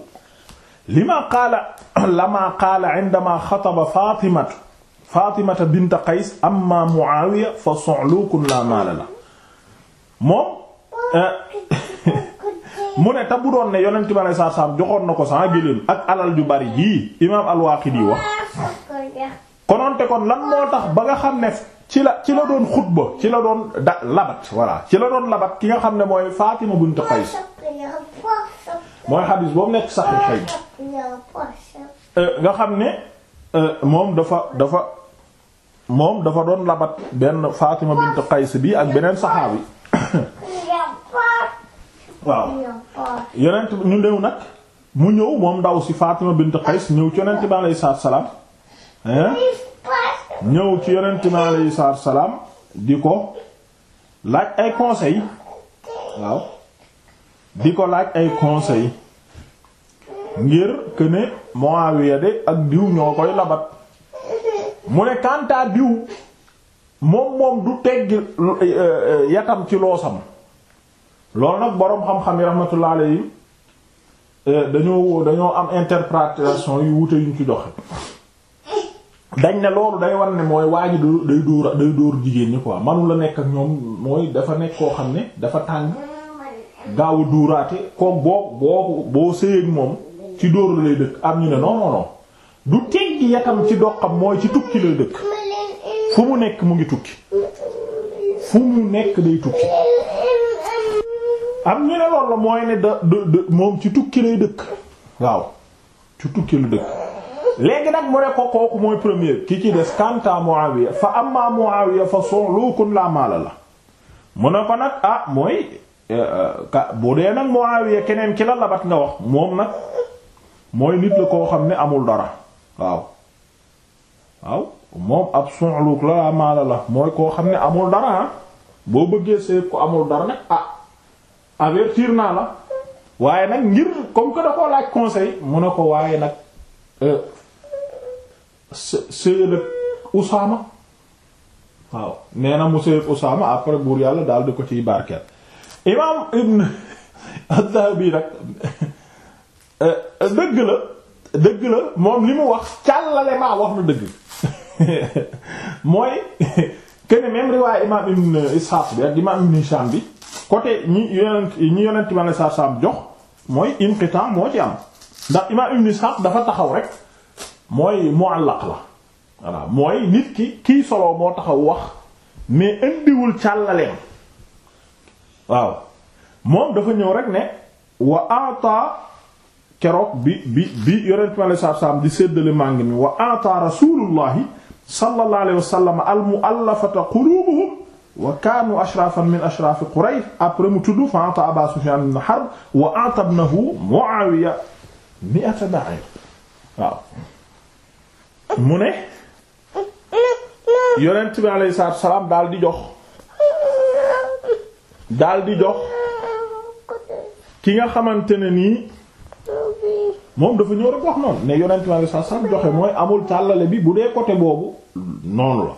lima qaala lama qaala indama xataba Faatimatu Faatimata bint Qays amma Muawiya fa su'luukun laa maala la moom Eh. mu ne ta doon ne yonent bi alei satu salaam joxoon na ko sa géléem ak alal ju bari jii imaam al-Waaqidi wax konoonte kon lan moo tax ba nga xam ne ci la ci la doon xutba ci la doon da labat voilà ci la doon labat ki nga xam ne mooy Fatima bint Qays mooy xadiis eh, xam ne eh, moom dafa dafa moom dafa doon labat benn Fatima bint Qays bi ak beneen saxaabi waaw yonent ñu néew nag mu ñëw moom ndaw si Fatima bint Qays ñëw ci yonent bi alayhi salaatu salaam di ko laaj ay conseil waaw di ko laaj ay conseil ngir que ne Muawiya de ak diw ñoo koy labat mu ne kantaa diw moom moom du tegg euh, euh, yatam ci loosam loolu nag boroom xam-xam yi rahmatullah yi euh, dañoo dañoo am interprétation yu wuute yuñ ci joxe dañ ne loolu day war ne mooy waa ji day dóor day dóor jigéen ñi quoi manu la nekk ak ñoom mooy dafa nekk koo xam ne dafa tàng gaaw a duuraate koog boo boo boo séyeg moom ci dóor la lay dëkk am ñu ne non non du teggi yatam ci doxam mooy ci tukki lay dëkk fu mu nekk mu ngi tukki fu mu nekk day tukki am ñu ne loolu la mooy ne da da moom ci tukki lay dëkk waaw ci tukki la dëkk léegi nag mu ne ko kooku mooy premier ki ci des kanta Muawiya fa amma fa su'lukun la mala la mu ne ko nag ah mooy eh, eh, ka la wax moom nag mooy nit koo xam ne amul dara waaw waaw moom ab su'luk la mala la mooy koo xam ne amul dara ah. boo bëggee seet ko amul dara nag ah, avertir naa la waaye nag ngir comme que da koo laaj conseil mu ne ko waaye nag euh, sëyal ak Usaama waaw nee na mu sëyal Usaama après buur yàlla daal di ko ciy barkeel imaam ibn Az-Zahabi nag euh, dëgg la dëgg la moom li mu wax càllale maa wax na dëgg mooy kene même riwaaya imaam ibn Isxaaq bi ak imaam ibn Hishaam bi côté ñi yonent ñi yonent ma la saa saam jox mooy inqitan moo ci am ndax imaam ibn Ishaq dafa taxaw rek mooy muallaq la voilà mooy nit ki kii solo moo taxaw wax mais indiwul càllaleem waaw moom dafa ñëw rek ne wa ata keroog bi bi bi yonent ma la saa saam di séddale màng mi wa ata rasulullahi sallallahu alayhi wa sallam al mu'allafata qulubuhum wa kaanu ashrafan min ashrafi Quraysh après mu tudd fa ata Aba Sufyan ibn Harb wa ata ibnahu Muawiya mi'ata ba'ir waaw mu ne yonent bi alayhi salaatu salaam daal di jox daal di jox ki nga xamante ne nii moom dafa ñëw rek wax noonu ne yonent bi alayhi salaatu salaam joxe mooy amul tàllale bi bu dee côté boobu noonu la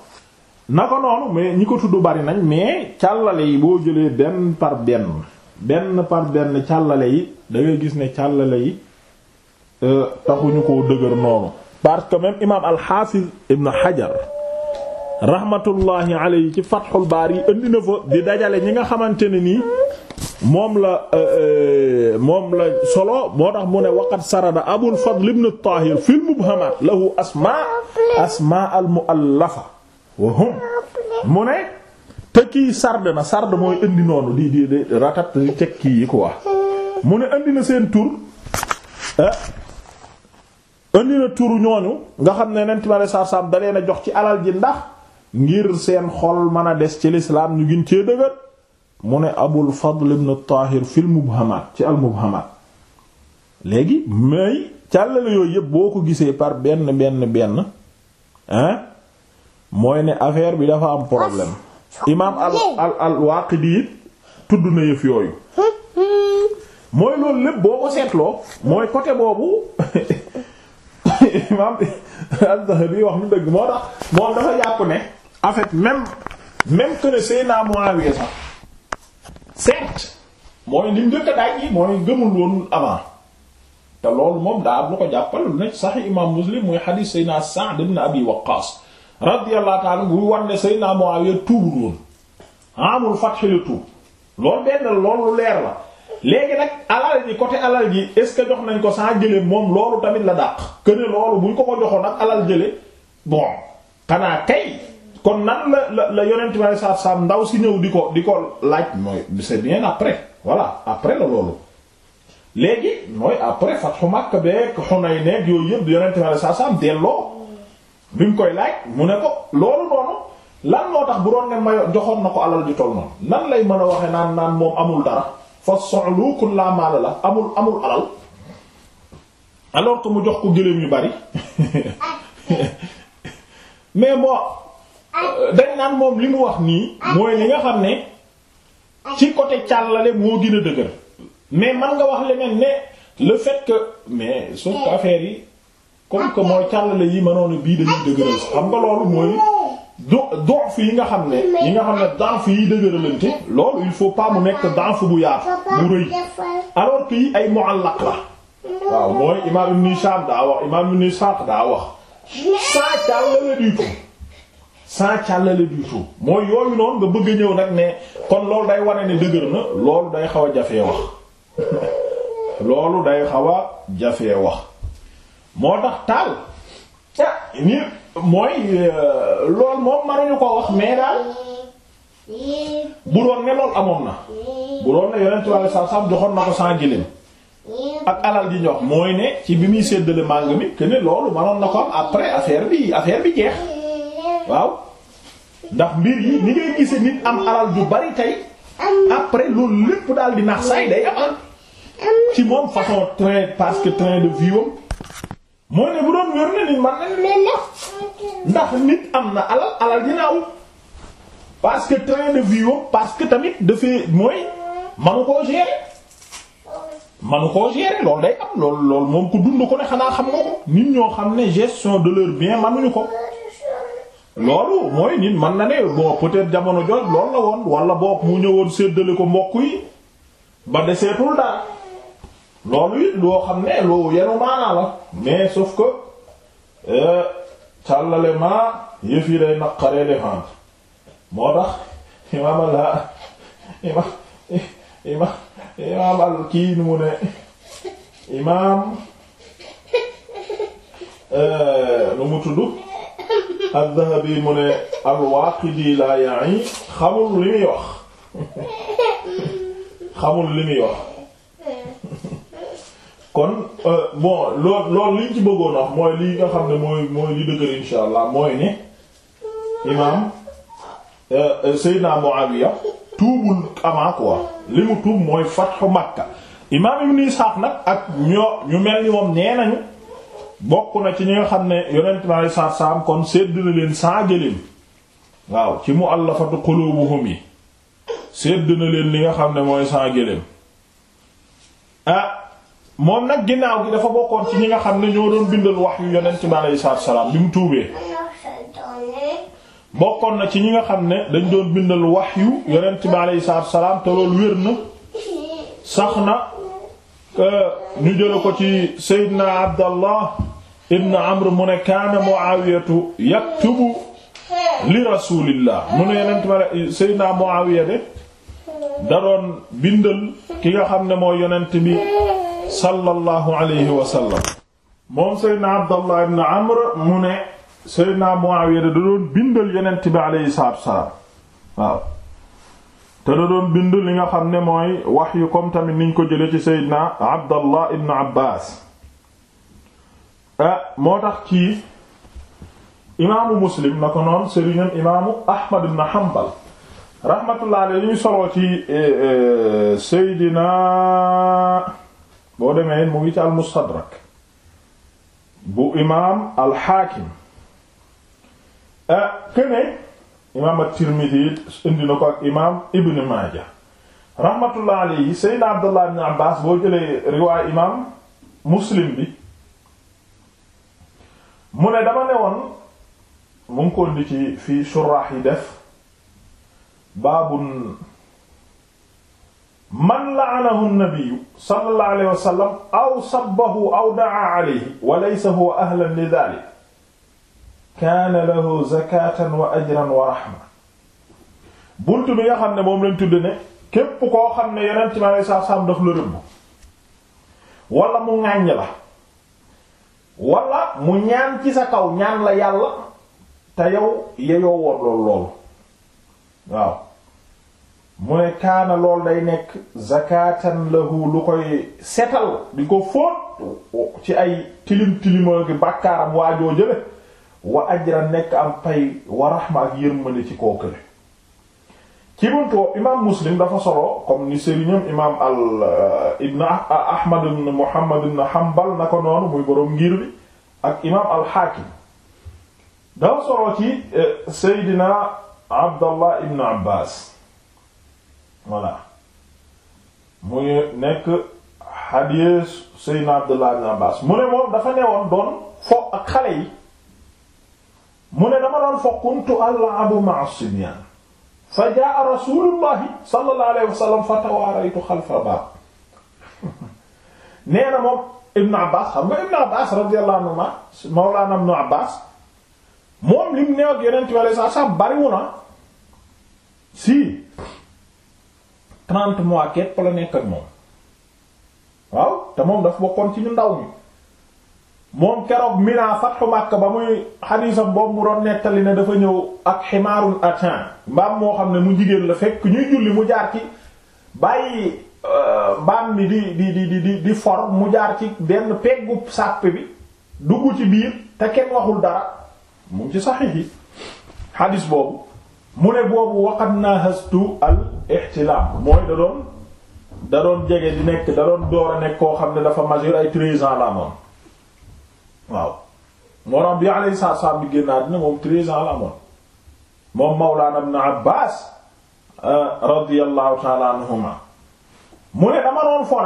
na ko noonu mais ñi ko tudd bari nañ mais càllale yi boo jëlee benn par benn benn par benn càllale yi dangay gis ne càllale yi euh, taxuñu ko dëgër noonu parce que même imaam alxaafiz ibn hajar rahmatullahi alayhi ci fathul baar yi indi na fa di dajale ñi nga xamante ne nii moom la euh, euh, moom la solo moo tax mu ne waqad sarada abul fadl ibn tahir fil mubhamat lahu asma asma al wa mu ne te kii sard na sard mooy indi noonu di di di ratat di teg kii yi quoi mu ne indi na seen tur indi eh, na turu ñooñu nga xam ne nent ma sar sam dalee na jox ci alal ji ndax ngir seen xol mën a des ci lislaam ñu gin cee dëgër mu ne abul fadl ibn tahir fil mubhamaat ci al mubhamaat léegi may càllale yooyu yëpp boo ko gisee par benn benn benn hein mooy ne affaire bi dafa am problème imaam al al al Waaqidi tudd na yëf yooyu mooy loolu lépp boo ko seetloo mooy côté boobu imaam Az-Zahabi wax nu dëgg moo tax moom dafa jàpp ne en fait même même que ne Seyna sax certes mooy lim njëkk daaj yi mooy gëmul woon avant te loolu moom daa am lu ko jàppal lu ne imaam Muslim mooy xadiis Seyna Sa'd ibn Abi Waqqaas radiyallahu ta'ala bu war ne Seydina Muawiya tuubul woon amul fatx la tuub loolu benn loolu leer la léegi nag alal ji côté alal ji est ce que jox nañ ko saa jële moom loolu tamit la dàq que ne loolu buñ ko ko joxoon ak alal jële bon xanaa kay kon nan la la la yonent bi saa saam ndaw si ñëw di ko di ko laaj mooy c'est bien après voilà après la loolu. léegi mooy après Fathu Makka beeg Hunayn nekk yooyu yëpp yonent bi saa saam delloo. bi nga koy laaj mu ne ko loolu noonu lan moo tax bu doon ne mayo joxoon na ko alal ju toll noonu nan lay mën a waxe naan naan moom amul dara fa soxluukul laa maala la amul amul alal alors que mu jox ko gëléem yu bari mais moo dañ naan moom li mu wax nii mooy li nga xam ne ci côté càllale moo gën a dëgër mais man nga wax le mel ne le fait mais su que yi comme que mooy yi mënoon bii dañuy dëgëral xam nga loolu mooy do dof yi nga xam ne yi nga xam ne danf yi dëgëralante loolu il faut pas mu nekk danf bu yaatu bu rëy alors que yi ay muallaq la waaw mooy imaam ibn Hishaam daa wax imaam ibn Ishaq daa wax mooy yooyu noonu nga bëgg a ñëw nag ne kon loolu day wane ne dëgër na loolu day xaw a jafee wax loolu day xaw a jafee wax moo tax taal ah ni mooy euh, loolu moom mënuñu ko wax mais daal bu doon ne loolu amoon na bu doon ne yonentu Yàlla sax sax joxoon na ko sans gileem ak alal ji ñox mooy ne ci bi muy séddale màng mi que ne loolu mënoon na ko am après affaire bi affaire bi jeex waaw ndax mbir yi ni ngay gise nit am alal ju bari tey après loolu lépp daal di nax saay day am ci moom façon train parce train de vie mooy ne bu doon wér na nit man na lool la ndax nit am na alal alal dinaaw parce que train de vie parce que tamit dafay mooy manu koo gérer manu koo gérer loolu day am loolu loolu moom ko dund ko ne xanaa xam nga ko nit ñoo xam ne gestion de leur bien manuñu ko loolu mooy nit man na ne bon peut-être jamono jot loolu la woon wala boog mu ñëwoon séddale ko mbokk yi ba deseetul daal loolu it loo xam ne loo yenu maanaa la mais sauf que euh, càllale ma yëf yi day naqaree défendre moo tax imaamal ha imaam imaam kii nu mu ne imaam euh, nu mu tudd ad-Dhahabi mu ne al-Waaqidi laa ya'i xamul li muy wax xamul li muy wax kon euh, bon lool loolu liñ ci bëggoon wax mooy li nga xam ne mooy mooy li dëgër insha mooy ne imaam euh, euh, Seydina Muawiya tuubul avant quoi li mu tuub mooy fatxu Makka imaam Ibn Ishaq nag ak ñoo ñu mel ni nee nañu bokk na ci ñi nga xam ne yonent bi alei satu salaam kon sédd na leen sans gëléem waaw ci mu'allafatu qulubuhum yi sédd na leen li nga xam ne mooy sans gëléem ah, moom nag ginnaaw gi dafa bokkoon ci ñi nga xam ne ñoo doon bindal wax yu yonent bi aleyhi salaatu salaam bi mu tuubee bokkoon na ci ñi nga xam ne dañ doon bindal wax yu yonent bi aleyhi salaatu salaam te loolu wér na sax na ñu jële ko ci Seydina Abdallah ibn Amr mu ne kaana Muawiyatu yaktubu li rasulillah mu ne yonent bi Seydina Muawiya de da doon bindal ki nga xam ne mooy yonent bi sallallahu alayhi wa sallam moom Seydina Abdallah ibn Amr mu ne Seydina Muawiya da doon bindal yonent bi alayhi salaatu salaam waaw te da doon bind li nga xam ne mooy wax yu comme tamit niñ ko jële ci Seydina Abdallah ibn Abbas ah moo tax ci imaamu Muslim na ko noon sëriñam imaamu Ahmad ibn Hanbal rahmatullah alayhi ñu soloo ci eh, eh, Seydina boo demee mu ngi ci al mustadrak bu imaam al xaakim ah, këne imaam at-Tirmidhi indi na ko rahmatullah alayhi Seydina Abdullah ibn Abbas boo jëlee riwaay Muslim bi mu ne dama ne ko indi ci fii suraax yi def baabun man la'anahu an-nabiyyu sallallahu alayhi wa sallam aw sabbahu aw da'a alayhi wa laysa huwa ahlan li dhaalika kaana lahu zakatan wa ajran wa bunt bi nga xam ne moom lañ tudd ne képp koo xam ne yonent mi alayhi salaatu salaam la rëbb wala mu ŋàññ la wala mu ñaan ci sa kaw ñaan la yàlla te yow yeyoo woon loolu waaw mu kaana lool day nekk zakatan lahu lu koy setal di ko fóot ci ay tilim tilima gi bàkkaaram waajoo jële wa ajra nekk am pay wa rahma ak ci kookale ci buntoo imaam muslim dafa solo comme ni sëriñam imaam euh, al ahmad ibn muhammad ibn hanbal na ko noonu muy boroom ngir bi ak imaam al hakim dafa solo ci euh, seydina abdallah ibn abbas voilà mu ngi nekk xadiis Seydina Abdullah ibn Abbas mu ne moom dafa newoon doon fo ak xale yi mu ne dama doon fo kuntu al'abu ma'a as-sibyaan fa jaa'a rasuulullahi sallallahu alayhi wa sallam fa tawaaraytu xalfa baab nee na moom Ibn Abbas xam nga Ibn Abbas lim neew ak yeneen ci wàllu sax sax bariwu na si. 30 mois képp la nekk ak moom waaw te moom daf bokkoon ci ñu ndaw mi moom keroog Mina Fathu Makka ba muy xadiisam boobu mu doon nettali ne dafa ñëw ak ximaarun atin mbaam moo xam ne mu jigéen la fekk ñuy julli mu jaar ci bàyyi euh, mbaam mi di di di di di mu jaar ci benn peggu sàpp bi dugg ci biir te kenn waxul dara mu ngi ci saxiix yi xadiis boobu mu ne boobu waqad nahastu al ihtilaam mooy da doon da doon jege di nekk da doon door nekk koo xam ne dafa majeur ay treize ans la amoon waaw morom bi alayhi salaam bi génn àddina moom treize ans la amoon moom Mawlaana Ibn Abbaas euh, radiyallahu ta'ala mu ne dama doon fo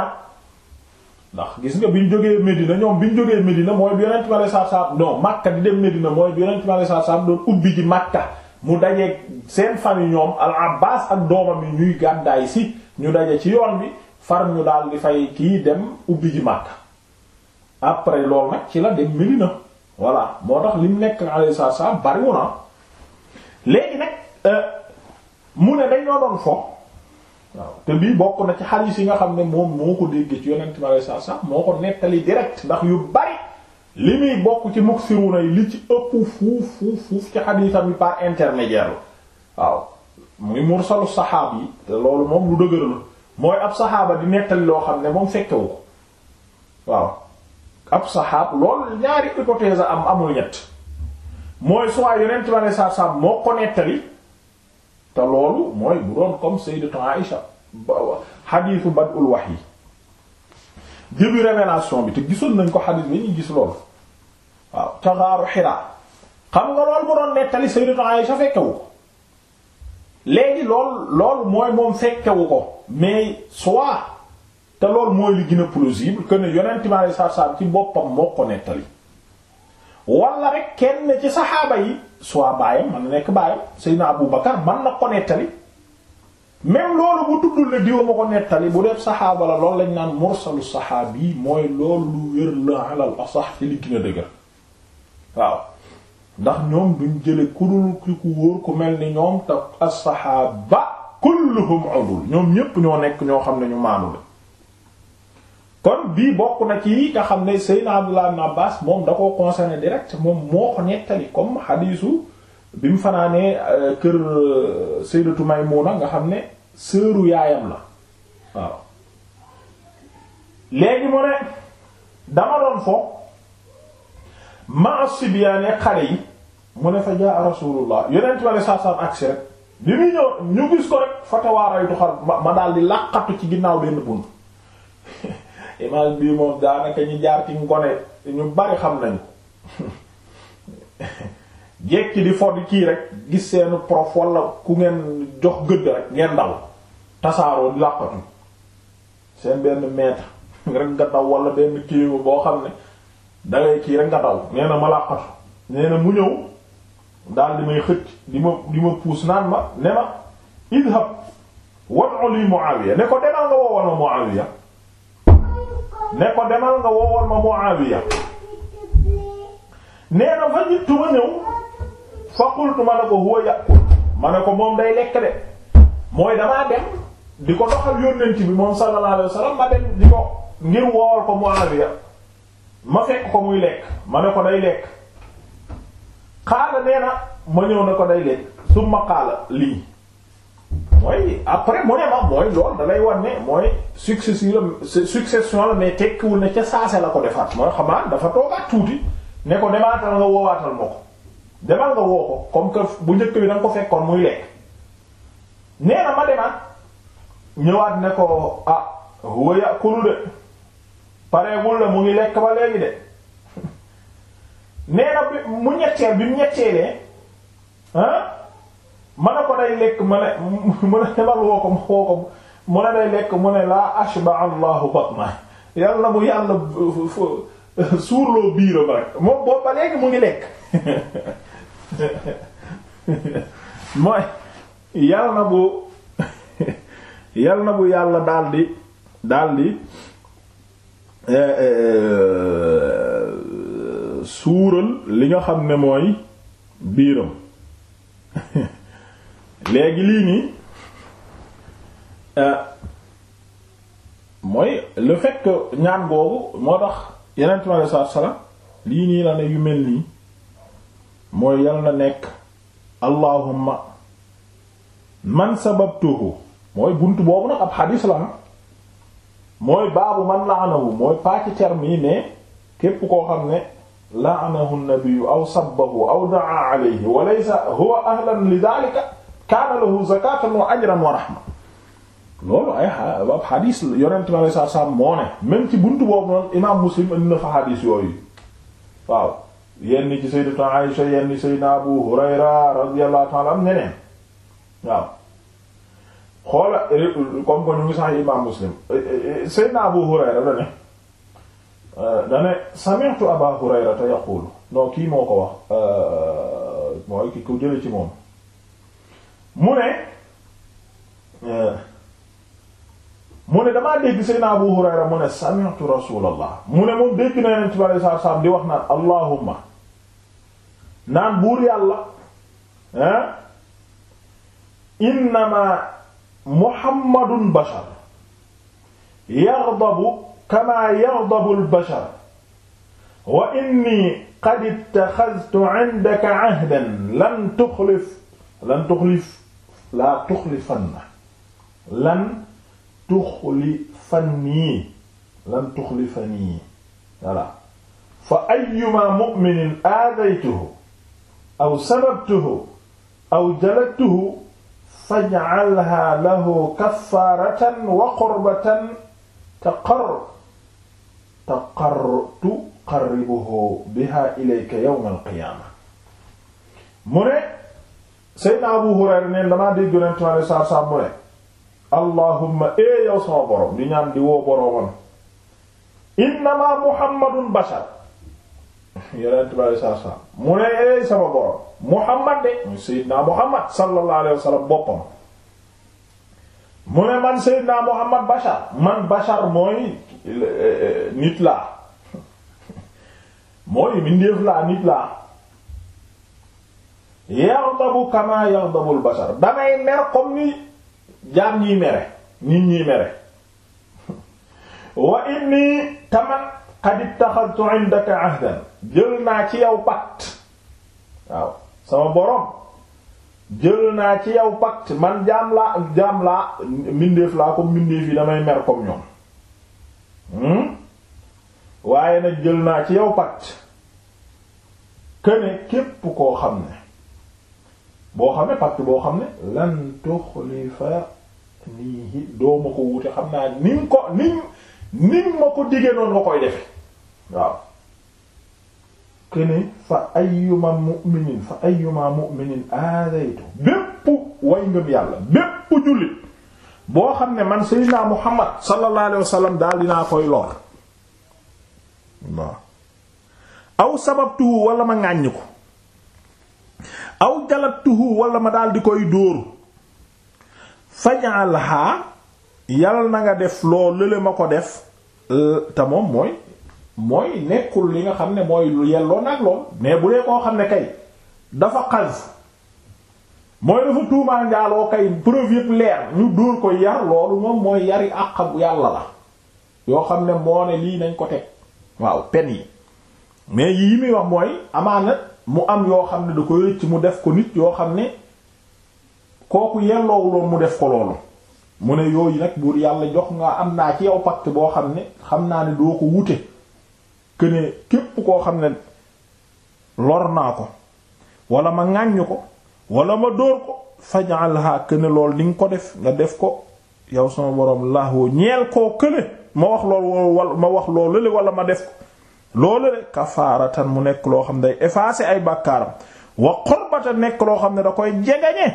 ndax gis nga bi ñu jógee Medina ñoom bi ñu jógee Medina mooy bi Yonent bi alayhi salaam non Makka di dem Medina mooy bi Yonent bi alayhi salaam doon ubbi ji Makka. mu dajeeg seen famille ñoom al ak doomam yi ñuy gàddaay si ñu daje ci yoon bi far ñu daal di fay kii dem ubbi ji màkk après loolu nag ci la dem Medina voilà moo tax li mu nekk alayhi salaam bariwu na léegi nag euh, mu ne dañoo doon fo waaw te bii bokk na ci xadiis yi nga xam ne moom moo ko déggee ci yonent bi alayhi salaam moo ko nettali direct ndax yu bari li muy bokk ci muksiruuna yi li ci ëpp fuuf fuuf fuuf ci xadiisam yi par intermédiaire la waaw muy mursalu saxaab yi te loolu moom lu dëgër mooy ab saxaaba di nettali loo xam ne moom fekkewu ko waaw ab saxaab loolu ñaari hypothèse am amul ñett mooy soit yonent ma ne saab moo ko nettali te loolu mooy bu doon comme sayyidatu Aïsha xadiisu bad'ul wahyi début révélation bi te gisoon nañ ko xadiis bi ñu gis loolu waaw ca xaaru Hira xam nga loolu mu doon nettali Sayyidatu Aïsha fekkewu ko léegi loolu loolu mooy moom fekkewu ko mais soit te loolu mooy li gën a plausible que ne yonent mi alayhi salaatu salaam ci boppam moo ko nettali wala rek kenn ci saxaaba yi soit baayam man nekk nekk baayam Sayyidina Abu Bakar man na ko nettali même loolu bu tuddul ne diwa ma ko nettali bu def saxaaba la loolu lañ naan mursalu saxaabi mooy loolu lu wér la alal asax ci li dëgër waaw ndax ñoom duñ jële kudul ki ku wóor ku mel ni ñoom te as-saxaaba kulluhum ñoom ñépp ñoo nekk ñoo xam ne ñu maanu la kon bii bokk na ci nga xam ne Seydina Abdullah ibn Abbas moom da ko concerné direct moom moo ko nettali comme xadiisu bi mu fanaanee euh, kër euh, Sayyidatu Maymuna nga xam ne sëru yaayam la waaw léegi mu ne dama doon fo ma sibiyaane xale yi mu ne fa jaa rasulullah yonent bi alayhi salaam agsi rek bi muy ñëw ñu gis ko rek fatawaaraytu xar ma daal di laqatu ci ginnaaw benn bunt image bii moom daanaka ñu jaar ci ngone ñu bari xam nañu jekki di fodd kii rek gis seenu prof wala ku ngeen jox gëdd rek ngeen daw tasaaroo di làqatu seen benn maître rek nga daw wala benn kilifa boo xam ne dangay kii rek nga daw nee na ma làqatu nee mu ñëw daal di may xëcc di ma di ma puus naan ma ne ma idhab wad'u li Muawiya ne ko demal nga woowoon ma Muawiya ne ko demal nga woowoon ma Muawiya nee na fa ñittu ma ñëw fa qultu ma ne ko huwa yaqul ma ne ko moom day lekk de mooy damaa dem di ko doxal yónnent bi moom sallallahu alayhi wasallam ma dem di ko ngir wool ko Muawiya ma fekk ko muy lekk ma ne ko day lekk xaala nee na ma ñëw ne ko day lekk ma xaala lii mooy après mu ne ma mooy loolu da lay wan ne mooy succession la succession la mais tekkiwul ne ca saase la ko defaat mooy xamaa dafa toogaat tuuti ne ko demaatal nga woowaatal ma ko demal nga woo ko comme que bu njëkk bi da ko fekkoon muy lekk nee ma demaat ñëwaat ne ko ah huwa ya'kulu de pareegul la mu ngi lekk ba léegi de nee bi mu ñetteel bi mu ñetteelee ah, ma ne ko day lekk ma ne mu ne demal woo ko mu ne day lekk mu ne laa ashba allahu batna yàlla bu yàlla suurloo biiram rek moom boobu ba léegi mu ngi lekk mooy yàlla na bu yàlla na bu yàlla daldi daldi eh, eh, eh, suural li nga xam ne mooy biiram léegi lii nii mooy le fait que ñaan boobu moo tax yeneen ci ma sallam lii nii la ne yu mel nii mooy yal na nekk allahumma man sababtuhu mooy bunt boobu nag ab xadis la mooy baabu man laanahu mooy paaci terme yi ne képp koo xam ne laanahu nabiyu aw sabbahu aw daa alayhi wa laysa huwa ahlan li daalika kaana lahu zakatan wa ajran wa rahma ci bunt boobu noonu imam muslim indi fa xadis yooyu yenn ci sayyidatu Aisha yenn sayyidina Abu Hurayra radiyallahu ta'ala am ñeneen waaw xoola ko ñu ngi sax imam Muslim sayyidina Abu Hurayra da ne da Aba Hurayra te yaqulu non kii moo ko wax euh, mooy ki ko jële ci moom mu ne euh, mu ne damaa dégg Seydina Abu Hurayra mu ne sami'tu Rasulullah mu ne na Yonent bi sallallahu alayhi di wax naan allahumma naan buur yàlla ah innama muhammadun bashar yaghdabu kama yaghdabu al-bashar wa inni qad ittakhadhtu 'indaka 'ahdan lan tukhlif lan tukhlif la tukhlifanna lan tukhlifanni lan tukhlifanni voilà fa ayyuma mu'minin aadaytuhu aw sababtuhu aw jaladtuhu faj'alha lahu kaffaaratan wa qurbatan taqar taqar tuqarribuhu biha ilayka yawm al-qiyaama mu ne Seydina Abu Hurayra neen damaa dégg Yonent mi alayhi salaatu salaam mu ne allahumma ee eh yow sama borom di ñaan di woo boroomam innamaa Muhammadun bashar yonent bi alayhi salaam mu ne eey sama borom Muhammad de mu Seydina Muhammad sallallahu alayhi wa mu ne man Seydina Muhammad Bachar man Bachar mooy eh, nit laa mooy mindeef laa nit laa yaghdabu kama yaghdabul bashar damay mer comme ni jaam ñiy mere nit ñiy mere wa inni taman qad ittakhadtu indaka ahdan jël naa ci yow pacte waaw sama borom jël naa ci yaw pacte man jaam laa jaam laa mbindeef laa comme mbindeef yi damay mer comme ñoom hmm? waaye nag jël naa ci yaw pacte këne képp koo xam ne boo xam ne pacte boo xam ne lan tuxlifa nii doo ma ko wute xam naa ni ko ni nga ma ko diggee noonu koy defe waaw këne fa ayyuma mu'minin fa ayyuma mu'minin aadaytu bépp way ngëm yàlla bépp jullit boo xam ne man sayyidina muhammad sallallahu alayhi wasallam daal naa koy lor waaw aw sababtuhu wala ma ŋàññ ko aw jalabtuhu wala ma daal di koy dóor faj'alha yàlla na nga def lool lële ma ko def te mooy mooy nekkul li nga xam ne mooy lu yelloo nag lool mais bu dee koo xam ne kay dafa xas mooy dafa tuumaa njaaloo kay preuve leer ñu dóor ko yar mooy yari àqab yàlla la yoo xam ne moo lii nañ ko waaw pen yi mais yii muy wax mooy amaana mu am yoo xam ne du ko ci mu def ko nit yoo xam ne kooku yelloowuloon mu def ko loolu mu ne yooyu nag buur yàlla jox nga am naa ci yow pacte boo xam ne xam naa ne doo ko wute que képp koo xam ne lor naa ko walla ma ŋàññ ko walla ma dóor ko faj'alha que ne lool di nga ko def nga def ko yow sama borom lahoo ñeel koo kële ma wax lool wala loolu le wala ma def ko loolu le kafaaratan mu nekk loo xam ne day effacer ay bàkkaaram wa qurbata nekk loo xam ne da koy jegeñe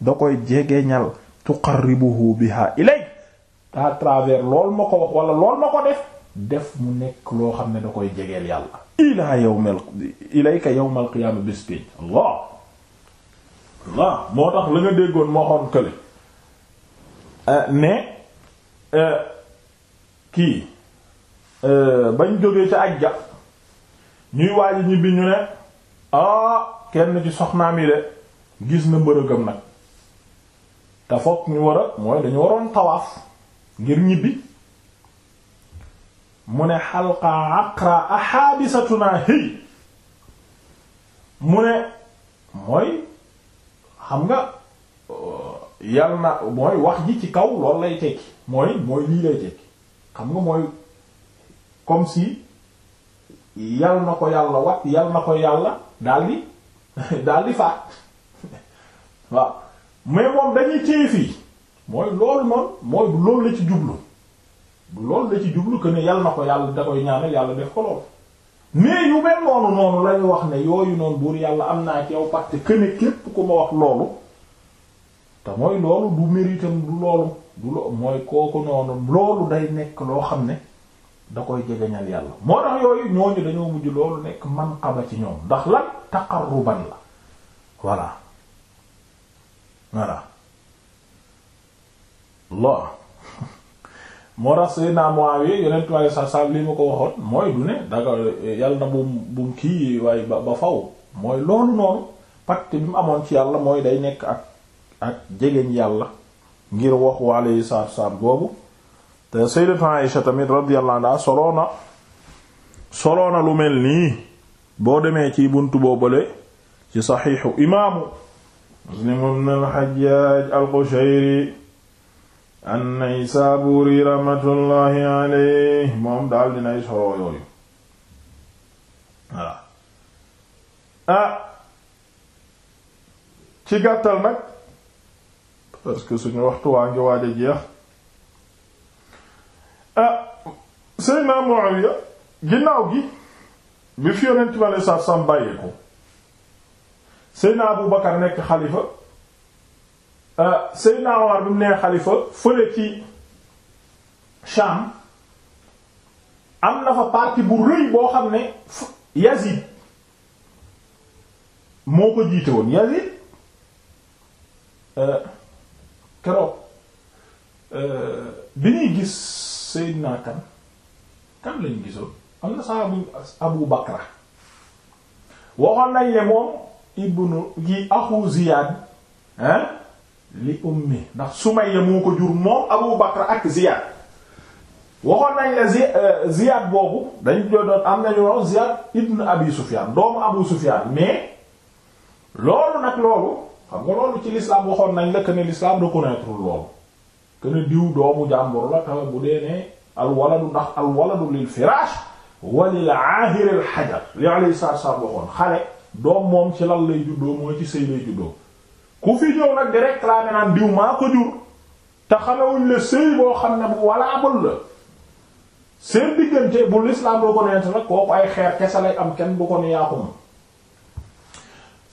da koy jegeñal tuqarribuhu biha ilay à travers lool ma ko wax wala lool ma ko def def mu nekk loo xam ne da koy jegeel yàlla ilaa yawmal ilayka yawmal qiyaama bés pénc Allah Allah moo tax la nga déggoon moo xoon kële eh, ne eh, kii eh, bañ jógee ca ajja ñuy waaji ñibbi ñu ne ah kenn ci soxnaam yi de gis na mbërëgam nag te fokk ñu war a mooy dañu waroon tawaaf ngir ñibbi mu ne xalqa aqra axaadisatunaa hiy mu ne mooy xam nga euh, yal na mooy wax ji ci kaw lool lay tekki mooy mooy lii lay tekki xam nga mooy comme si yal na ko yàlla wat yal na ko yàlla daldi daldi faat waaw mais moom dañuy téye fii mooy loolu noonu mooy loolu la ci jublu loolu da ci jublu que ne yàlla na ko yàlla da koy ñaanal yàlla de ko lool yu mel noonu noonu lañu wax ne yooyu noonu buur yàlla am naa ci yow parce que ne képp ku ma wax loolu te mooy loolu du méritam loolu mooy kooku noonu loolu day nekk loo xam ne da koy jegeñal yàlla moo tax yooyu ñooñu dañoo mujj loolu nekk man xaba ci ñoom ndax lan taqarruban la voilà voilà moo tax Seydina Muawiya yonentu Yàlla sa sa li ma ko waxoon mooy du ne daga yàlla na bum bum kii waaye ba faw mooy loolu noonu pacte bi mu amoon ci yàlla mooy day nekk ak ak jegeñ yàlla ngir waxu alayhi salaatu salaam boobu te Sayyidatu Aisha tamit radiyallahu anha soloona soloona lu mel nii boo demee ci buntu boobale ci saxiixu imaamu Muslim ibn al-Hajjaj al an-Naysaburi rahmatullahi alayhi moom daal dinay soroo yooyu voilà ah ci gàttal nag parce que suñu waxtu waa ngi waaj a jeex ah Seydina Muawiya ginnaaw gi bi fi yonent bi aleyhis salaatu was salaam bàyyeeku Seydina Abu Bakar nekk xalifa Euh, Seydina Omar bi mu nee xalifa fële ci Sham am na fa parti bu rëy boo xam ne Yazid moo ko jiite woon Yazid euh, keroog euh, bi ñuy gis Seydina kan kan lañu gisoon am na saa bu Abu Bakra waxoon nañ ne moom ibnu gi axu hein li ummi ndax Sumayya moo ko jur moom Abu Bakr ak Ziyad waxoon nañ la Zi euh, Ziyad boobu dañ doon am nañu wax Ziyad ibn Abi Sufyan doomu Abu Sufyan mais loolu nag loolu xam nga loolu ci l'islam waxoon nañ la que ne l'islam reconnaître loolu que ne diw doomu jàmbur la taw bu dee ne al waladu ndax al waladu lil firaash wa lil aahir al hajar li alayhi salaatu wa salaam xale doom moom ci lan lay juddoo mooy ci sëy lay juddoo. ku fi ñëw nag di réclamer naan diw maa ko jur te xamewuñ la sëy boo xam ne bu walaabul la seen diggante bu l'islam boo ko neente nag kooku ay xeer kese lay am kenn bu ko ni yaaku ma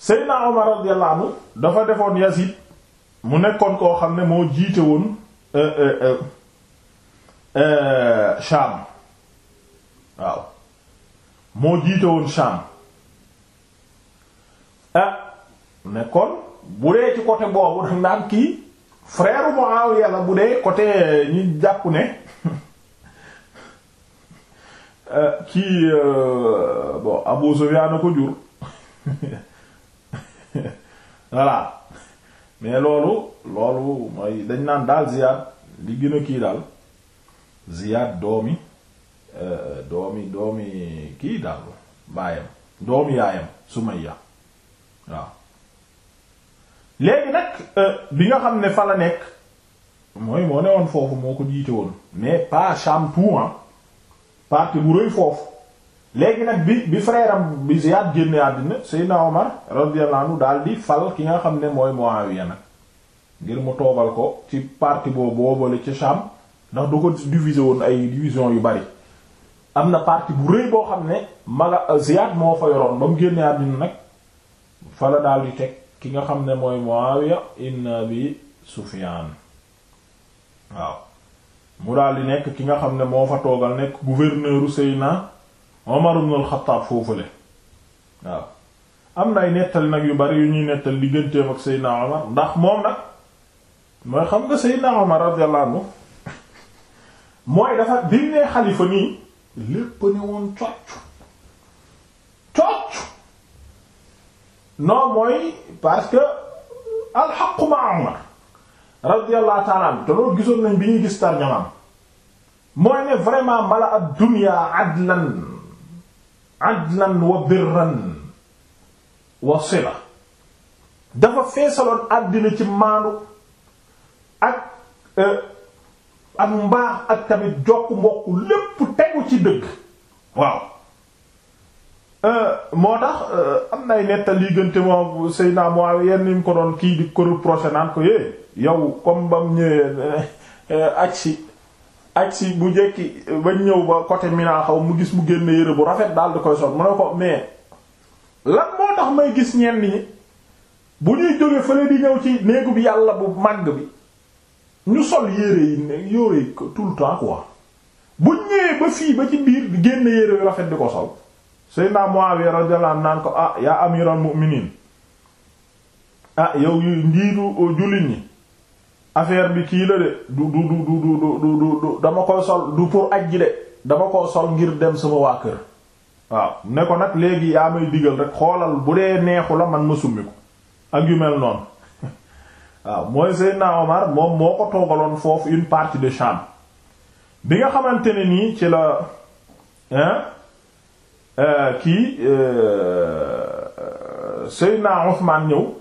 Seydina Omar radiyallahu anhu dafa defoon Yazid mu nekkoon koo xam ne moo jiite woon euh, euh, euh, Sham waaw moo jiite woon Sham ah nekkoon bu dee ci côté boobu dañ naan kii frère Muawiya la bu dee côté euh, ñi jàpp ne euh, kii euh, bon Abu Sufyan ko jur voilà mais loolu loolu mooy dañ naan daal Ziyad li gën a kii daal Ziyad doomi doomi doomi kii daal baayam doomi yaayam Sumayya waaw léegi nag euh, bi nga xam ne fa la nekk mooy moo ne woon foofu moo ko jiite woon mais pas Sham tout an parti bu rëy foofu léegi nag bi bi frère am bi Ziyad génne àddina Seydina Omar radiyallahu anhu daal di fal ki nga xam ne mooy Muawiya nag ngir mu toogal ko ci parti boobu boobale ci Sham ndax du ko diviser woon ay division yu bari am na parti bu rëy boo xam ne maga Ziyad moo fa yoroon ba mu génne àddina nag fa la daal di teg ki nga xam ne mooy Muawiya ibn Abi Sufyan waaw mu daal di nekk ki nga xam ne moo fa toogal nekk gouverneuru Seydina Omar ibn al-Khattab foofule waaw am na nettali nag yu bari yu ñuy nettali digganteem ak Seydina Omar ndax moom nag mooy xam nga Seydina Omar radiyallahu anhu mooy dafa bi ne xalifa nii lépp ne woon cocc non mooy parce que alxaqu ma Umar radiyallahu ta'ala an te loolu gisoon nañ bi ñuy gis tarjamaam mooy ne vraiment mala a dunya adlan adlan wa birran wa sila dafa feesaloon àddina ci maandu ak euh, ak ak tamit jokk mbokk lépp tegu ci dëgg waaw Euh, moo tax euh, am nay nettal yi gënte moom Seydina Muawiya yenn ñu ko doon kii di ko reproché naan ko é eh, yow comme bam ñëwee euh, agsi agsi bu jekki ba ñëw ba côté Mina xaw mu gis mu génn yére bu rafet daal di koy sol mu ne ko mais lan moo tax may gis ñenn yi bu ñuy jóge fële di ñëw ci néegu bi yàlla bu màgg bi ñu sol yére yi ne yore tout le temps quoi bu ñëwee ba fii ba ci biir di génn yére yu rafet di ko sol Seydina Muawiya radiyallahu anhu naan ko ah yaa amiral mu'minin ah yow yu njiitu jullit ñi affaire bi kii la de du du du du du du du dama ko sol du pour ajji de dama ko sol ngir dem sama waa kër waaw ne ko nag léegi yaa may digal rek xoolal bu dee neexu la man ma summi ko ak yu mel noonu waaw mooy Seydina Omar moom moo ko toogaloon foofu une partie de chambre bi nga xamante ni nii ci la hein Euh, kii euh, Seydina Ousmane ñëw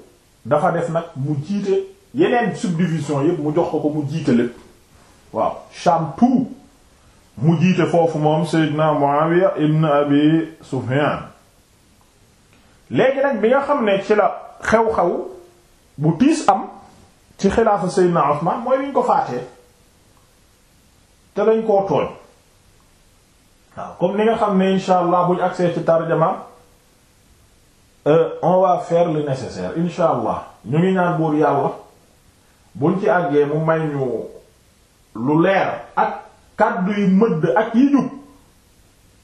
dafa def nag mu jiite yeneen subdivision yëpp mu jox ko ko mu jiite lépp waaw Sham tout mu jiite foofu moom Seydina Muawiya ibn Abi Sufyan léegi nag bi nga xam ne ci la xew-xew bu tiis am ci xilaafa Seydina Ousmane mooy bi ñu ko faatee te lañ koo tooñ waaw comme ni nga xam ne insha allah buñ accès ci tarjama euh, on va faire le nécessaire insha allah ñu ngi ñaan buur yàlla buñ ci àggee mu may ñu lu leer ak kàddu yu mëdd ak yi jub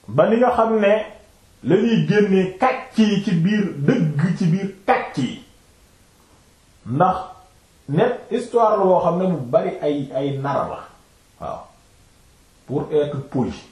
ba ni nga xam ne lañuy génnee kàcc yi ci biir dëgg ci biir kàcc yi ndax net histoire la boo xam ne bu bari ay ay nar la waaw pour être poli